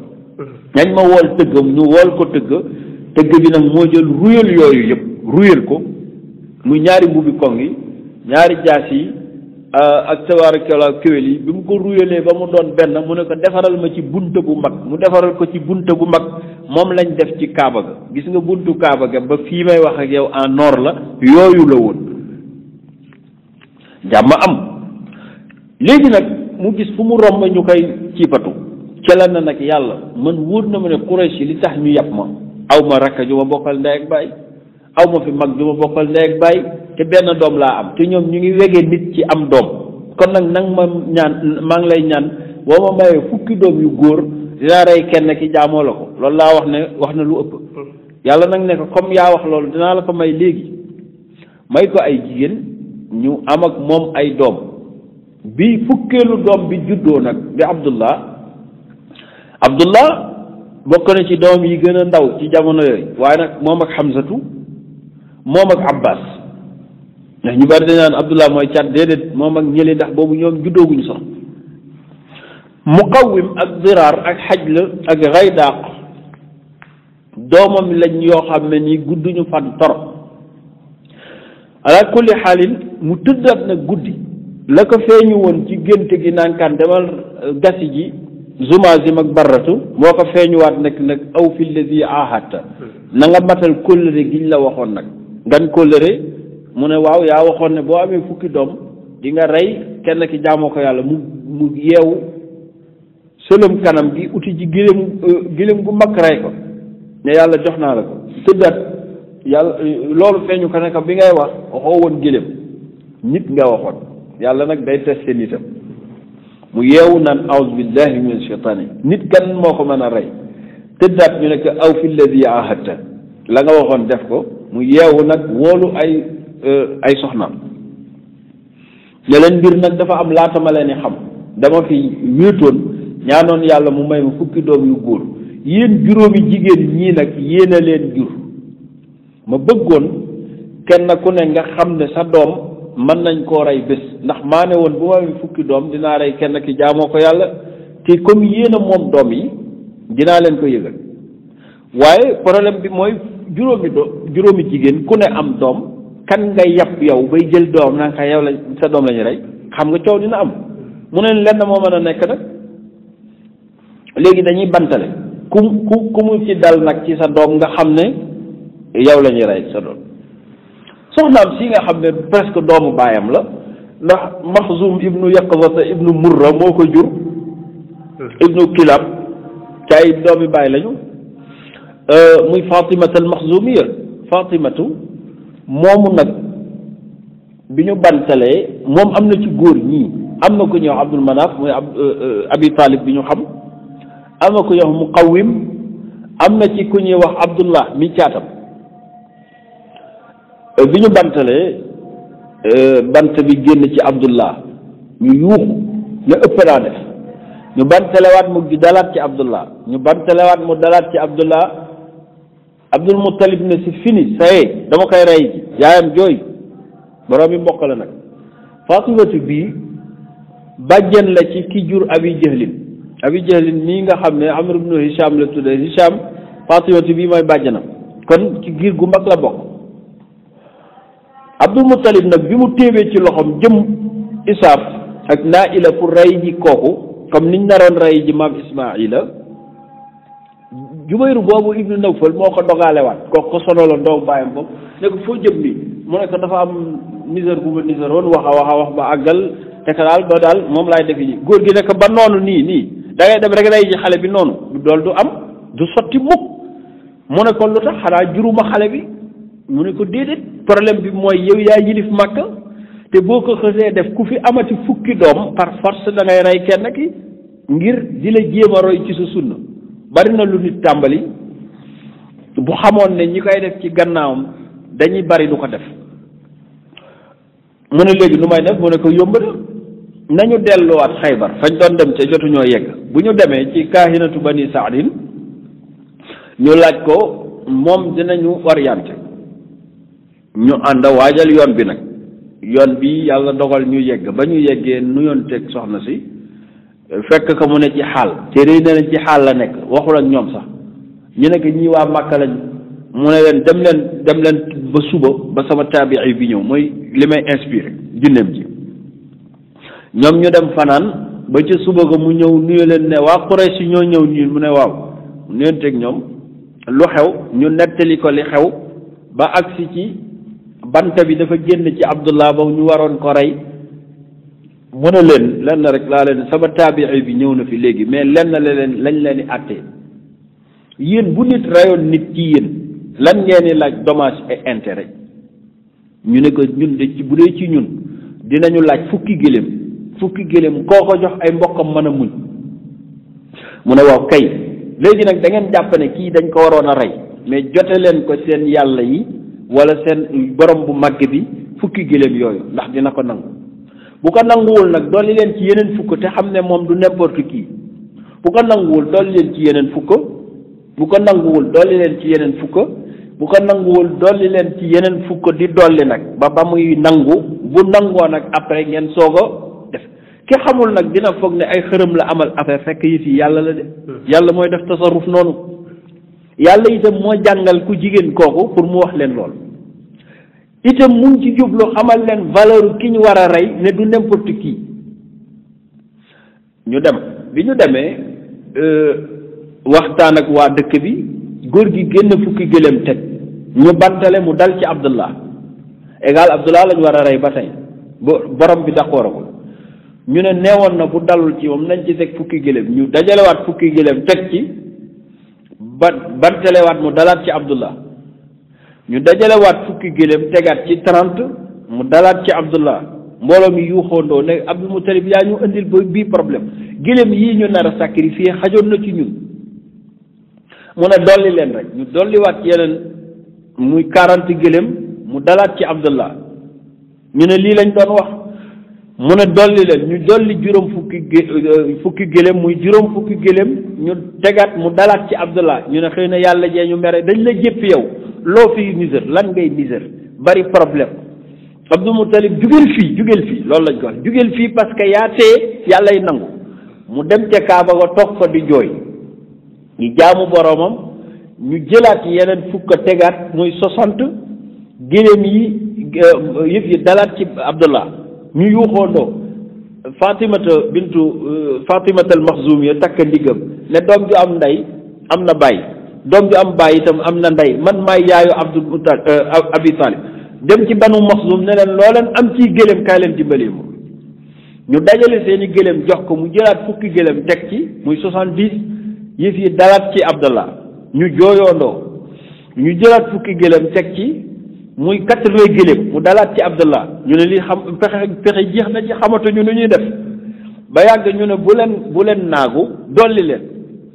ñañ mm. ma wool tëggam ñu wool ko tëgg tëgg bi nag moo jël ruyal yooyu yëpp ruyal ko muy ñaari mbubi kong yi ñaari jaas yi euh, ak tabaarakallah kéwél yi bi mu ko ruyalee ba mu doon benn mu ne ko defaral ma ci bunta bu mag mu defaral ko ci bunta bu mag moom lañ def ci kaaba ga gis nga buntu kaaba ga ba fii may wax ak yow en nord la yooyu la woon jàmm am léegi nag mu gis fu mu romb ñu koy ciipatu cela na nag yàlla man wóor na ma ne Quraysh li tax ñu yàpp ma awma ma rakk ju bokkal ndey ak bàyyi aw ma fi mag ju ma bokkal ndey ak baay te benn doom laa am te ñoom ñu ngi wegee nit ci am doom kon nag nag ma ñaan maa ngi lay ñaan boo ma mayee fukki doom yu góor dinaa rey kenn ki jaamoo la ko loolu laa wax ne wax na lu ëpp yàlla nag ne ko comme yaa wax loolu dinaa la ko may léegi may ko ay jigéen ñu am ak moom ay doom bi fukkeelu doom bi juddoo nag bi abdullah abdullah bokk na ci doom yi gën a ndaw ci jamono yooyu waaye nag moom ak xamsatu moom ak abbas ndax ñu bari dañ abdullah mooy cat déedéet moom ak ñële ndax boobu ñoom juddooguñu sax muqawim ak ziraar ak la ak xaydaaq doomam lañ yoo xam ni nii gudduñu fan torop ala kulli xaalin mu tëddaat nag guddi la ko feeñu woon ci gént gi naan kan demal euh, gasi ji Zumaazim ak baratu moo ko feeñuwaat nag nag aw fi lazi ahadta hmm. na nga matal kóllëre giñ la waxoon nag ngan kóllëre mu ne waaw yaa waxoon ne boo amee fukki doom di nga rey kenn ki jaamoo ko yàlla mu mu yeewu sëlëm kanam gi uti ji giléem euh, giléem gu mag rey ko ne yàlla jox naa la ko tëddat yàlla euh, loolu feeñu ko ne bi ngay wax waxoo woon giléem nit nga waxoon yàlla nag day testé nitam mu yeewu naan aus billahi min shaytaani nit kan moo ko mën a rey tëddaat ñu ne ko aw fi lladi la nga waxoon def ko mu yeewu nag woolu ay euh, ay soxnaam ne mbir nag dafa am laata ma leen xam dama fi wéetoon ñaanoon yàlla mu may ma fukki doom yu góor yéen juróomi jigéen ñii nag yéen leen jur ma bëggoon kenn ku ne nga xam ne sa doom mën nañ koo rey bés ndax maa ne woon bu may fukki doom dinaa rey kenn ki jaamoo ko yàlla te comme yéen moom doom yi dinaa leen ko yëgal waaye problème bi mooy juróomi do juróomi jigéen ku ne am doom kan nga yàpp yow bay jël doom naa nga yow sa doom la ñu rey xam nga coow dina am mu ne lenn moo mën a nekk nag léegi dañuy bantale ku ku ku mu ci dal nag ci sa doom nga xam ne yow la ñuy rey sa doom si nga xam ne presque doomu baayam la ndax Maxzum ibnu Yaqzata ibnu Murra moo ko jur mm-hmm. ibnu Kilab ca ay doomi baay lañu Euh, muy Faatimata al-Maxzumiya Faatimatu moomu nag bi ñu bantalee moom am na ci góor ñii am na ku ñuy wax Abdul Manaf mooy euh, euh, Abi bi ñu xam am na ku ñuy wax Muqawwim am na ci ku ñuy wax Abdullah mi caatam bi ñu bantalee bant bi génn ci Abdullah ñu yuuxu ne ëpp naa def ñu ci Abdullah ñu bantalewaat mu dalaat ci Abdullah Abdul Muttalib ne c'est fini ça dama koy rey ji yaayam jooy borom yi mbokk la nag Faatimatu bii bàjjen la ci ki jur Abi Jahlin Abi Jahlin nii nga xam ne Amr ibnu Hisham la tuddee Hisham Faatimatu bii mooy bàjjenam kon ci giir gu mag la bokk Abdul Muttalib nag bi mu téebee ci loxoom jëm Isaaf ak ila pour rey ji kooku comme niñ naroon rey ji maam Ismaila Jubayru boobu Ibnu Nawfal moo ko dogaalewaat kooku ko sonaloon doomu bàyyam boobu ne ko foo jëm nii mu ne dafa am misère bu ma misère woon wax a wax a wax ba àggal te ko daal ba daal moom laay defi nii góor gi ne ko ba noonu nii nii da ngay dem rek lay ji xale bi noonu du dool du am du sotti mukk mu nekkoon ko lu tax xanaa juruma xale bi mu ne ko déedéet problème bi mooy yow yaa yilif màkk te boo ko xësee def ku fi amati fukki doom par force da rey kenn ki ngir di la jéem a ci sa sunna bari na lu nit tàmbali bu xamoon ne ñi kay def ci gannaawam dañuy bari du ko def mu ne léegi nu may def mu ne ko yomb na nañu delluwaat xaybar fañ doon dem ca jotuñoo yegg bu ñu demee ci kaahinatu bani saadin ñu laaj ko moom dinañu orienté ñu ànd waajal yoon bi nag yoon bi yàlla dogal ñu yegg ba ñu yeggee nuyoon teg soxna si fekk ko mu ne ci xaal téere yi nee nañ ci xaal la nekk waxul ak ñoom sax ñu nekk ñii waa Màkka lañ mu ne leen dem leen dem leen ba suba ba sama taabii bi ñëw mooy li may inspiré junneem ji ñoom ñu dem fanaan ba ci suba ko mu ñëw nuyu leen ne waa Quraysh ñoo ñëw nii mu ne waaw nuyonteeg ñoom lu xew ñu nettali ko li xew ba agsi ci bant bi dafa génn ci Abdullah ba ñu waroon ko rey mu leen lenn rek laa leen sama taabii bi ñëw na fi léegi mais lenn la leen lañ leen di àttee yéen bu nit rayoon nit ci yéen lan ngeen di laaj dommage ay intérêt ñu ne ko ñun de ci bu dee ci ñun dinañu laaj fukki gëléem fukki gëléem koo ko jox ay mbokkam mën a muñ mu a waaw kay léegi nag da ngeen jàpp ne kii dañ ko waroon a rey mais jote leen ko seen yàlla yi wala seen borom bu màgg bi fukki gëléem yooyu ndax dina ko nangu bu ko nanguwul nag dolli leen ci yeneen fukk te xam ne moom du n'importe kii bu ko nanguwul dolli leen ci yeneen fukk bu ko nanguwul dolli leen ci yeneen fukk bu ko nanguwul dolli leen ci yeneen fukk di dolli nag ba ba muy nangu bu nangoo nag après ngeen soog a def ki xamul nag dina foog ne ay xërëm la amal affaire fekk yi fii yàlla la de yàlla mooy def tasarruf noonu yàlla de moo jàngal ku jigéen kooku pour mu wax leen lool itam mu ngi ci jublu xamal leen valeur ki ñu war a rey ne du n'importe kii ñu dem bi ñu demee euh, waxtaan ak waa dëkk bi góor gi génn fukki gëléem teg ñu bantale mu dal ci abdullah égal abdullah lañu war a rey ba tey borom bi d'accordagul ñu ne neewoon na bu dalul ci moom nañ ci teg fukki gëléem ñu dajalewaat fukki gëléem teg ci ba bantalewaat mu dalaat ci abdullah ñu dajalewaat fukki gëléem tegaat ci trent mu dalaat ci abdullah mbooloo mi yuuxoondoo ne abdul mutalib yaa ñu indil ba bii problème gëléem yi ñu nar a sacrifié xajoon na ci ñun mu ne dolli leen rek ñu dolliwaat yeneen muy quarante gëléem mu dalaat ci abdullah ñu ne lii lañ doon wax mu ne dolli leen ñu dolli juróom fukki euh, fukki gëléem muy juróom fukki gëléem ñu tegaat mu dalaat ci abdullah ñu ne xëy na yàlla jee ñu mere dañ la jëpp yow loo fii misère lan ngay misère bari problème abdul muttalib jugeel fii jugeel fii loolu lañ ko wax fii parce que yaa tee yàllay nangu mu dem ca kaaba ga toog fa di jooy ñu jaamu boroomam ñu jëlaat yeneen fukk tegaat muy soixante gëléem yi euh, yëf yi dalaat ci abdullah ñu yuuxoondoo fatimata bintu euh, fatimata al maxzumiya takk ndiggam ne doom ju am ndey am na baay doom ju am baay itam am na ndey man may yaayu abdul mutal euh, abi talib dem ci banu maxzum ne leen loo leen am ciy gëléem kaay leen dimbalee ñu dajale seeni gëléem jox ko mu jëlaat fukki gëléem teg ci muy soixante-dix yëf yi dalaat ci abdallah ñu jooyoondoo ñu jëlaat fukki gëléem teg ci muy quatre-vingts giléem mu dalaat ci Abdallah ñu ne lii xam pexe pexe jeex na ci xamatuñu nu ñuy def ba yàgg ñu ne bu leen bu leen naagu dolli leen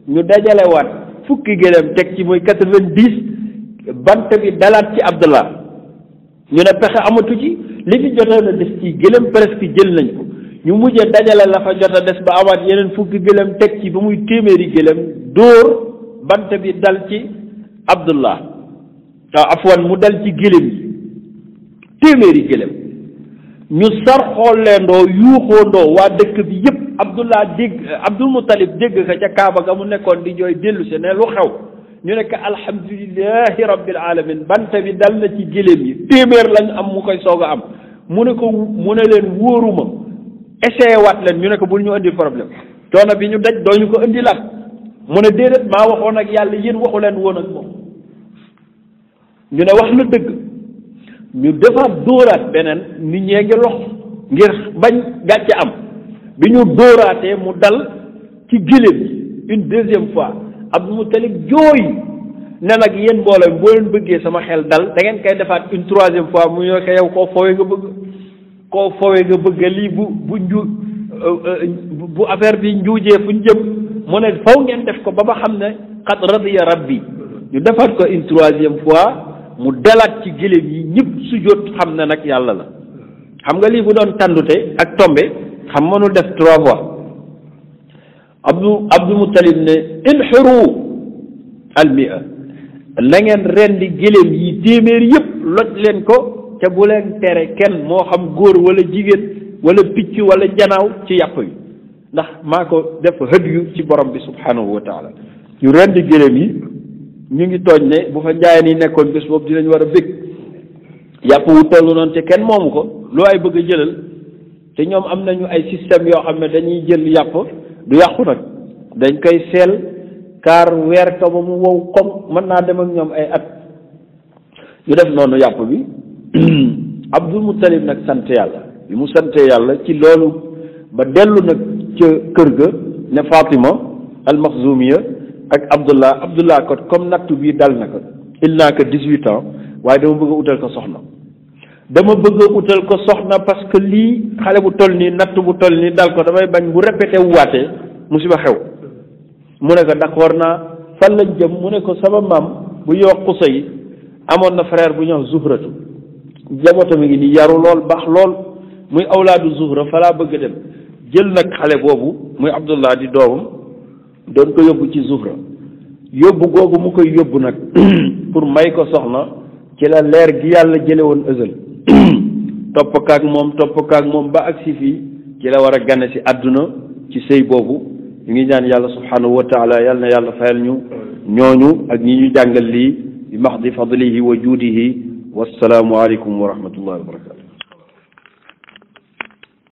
ñu dajalewaat fukki giléem teg ci muy quatre-vingt-dix bant bi dalaat ci Abdallah ñu ne pexe amatu ci li fi jotoon a des ci giléem presque jël nañ ko ñu mujjee dajale la fa jot a des ba amaat yeneen fukki giléem teg ci ba muy téeméeri giléem dóor bant bi dal ci Abdallah da mu dal ci gélém yi téeméeri gélém ñu sarxooleendoo yuuxoondoo waa dëkk bi yépp abdullah dégg abdul muttalib dégg ka ca kaaba ga mu nekkoon di jooy dellu si ne lu xew ñu nekk alhamdulillahi rabbil alamin bante bi dal na ci gélém yi téeméer lañ am mu koy soog a am mu ne ko mu ne leen wóoruma essayé waat leen ñu ne ko bul ñu indi problème coono bi ñu daj doo ñu ko indi laat mu ne déedéet maa waxoon ak yàlla yéen waxu leen woon ak moom ñu ne wax na dëgg ñu defaat dóoraat beneen nit ñee ngi lox ngir bañ gàcce am bi ñu dóoraatee mu dal ci giléem une deuxième fois Abdul Muttalib jooy ne nag yéen mbooloo mi boo leen bëggee sama xel dal dangeen ngeen koy defaat une troisième fois mu ñoo ko yow koo foowe nga bëgg koo foowe nga bëgg lii bu bu nju euh, euh, bu affaire bi njuujee fu ñu mu ne faw ngeen def ko ba ma xam ne xat radiya bi ñu defaat ko une troisième fois mu dalaat ci gëléem yi ñëpp su xam na nag yàlla la xam nga lii bu doon tàndute ak tombe xam nu def trois fois abdu abdu mutalib ne inxuru almia la ngeen rendi gëléem yi téeméer yëpp loj leen ko te bu leen tere kenn moo xam góor walla jigéen walla picc walla janaaw ci yàpp yi ndax maa ko def hëdd yu ci borom bi subhanahu wa taala ñu rendi yi ñu ngi tooñ ne bu fa njaayeen yi nekkoon bés boobu dinañu war a bég yàpp wu tollu noonu te kenn moomu ko lu ay bëgg a jëlal te ñoom am nañu ay système yoo xam ne dañuy jël yàpp du yàqu nag dañ koy seel kaar weer ka ba mu wow kom mën naa dem ak ñoom ay at ñu def noonu yàpp bi Abdul Muttalib nag sant yàlla bi mu sante yàlla ci loolu ba dellu nag ca kër ga ne Fatima al Maxzumiya ak Abdullah Abdullah kot comme nattu bii dal na ko il n'a que dix-huit ans waaye dama bëgg a utal ko soxna dama bëgg a utal ko soxna parce que lii xale bu toll nii natt bu toll nii dal ko damay bañ bu répété wu waatee musiba xew mu ne ko d'accord naa fan lañ jëm mu ne ko sama maam bu ñuy wax xusa yi amoon na frère bu ñuy wax zuhratu njabootam ngi nii yaru lool baax lool muy awlaadu zuhra falaa bëgg a dem jël nag xale boobu muy Abdullah di doomam doon ko yóbbu ci zuhra yóbbu googu mu koy yóbbu nag pour may ko soxna ci la leer gi yàlla jële woon ësël topp kaag moom topp kaag moom ba agsi fii ci la war a gane si àdduna ci sëy boobu ñu ngi ñaan yàlla subhanahu wa taala yàlla na yàlla fayal ñu ñooñu ak ñi ñu jàngal lii bi maxdi fadlihi wa juudihi wassalaamu aleykum wa rahmatullahi wa barakatu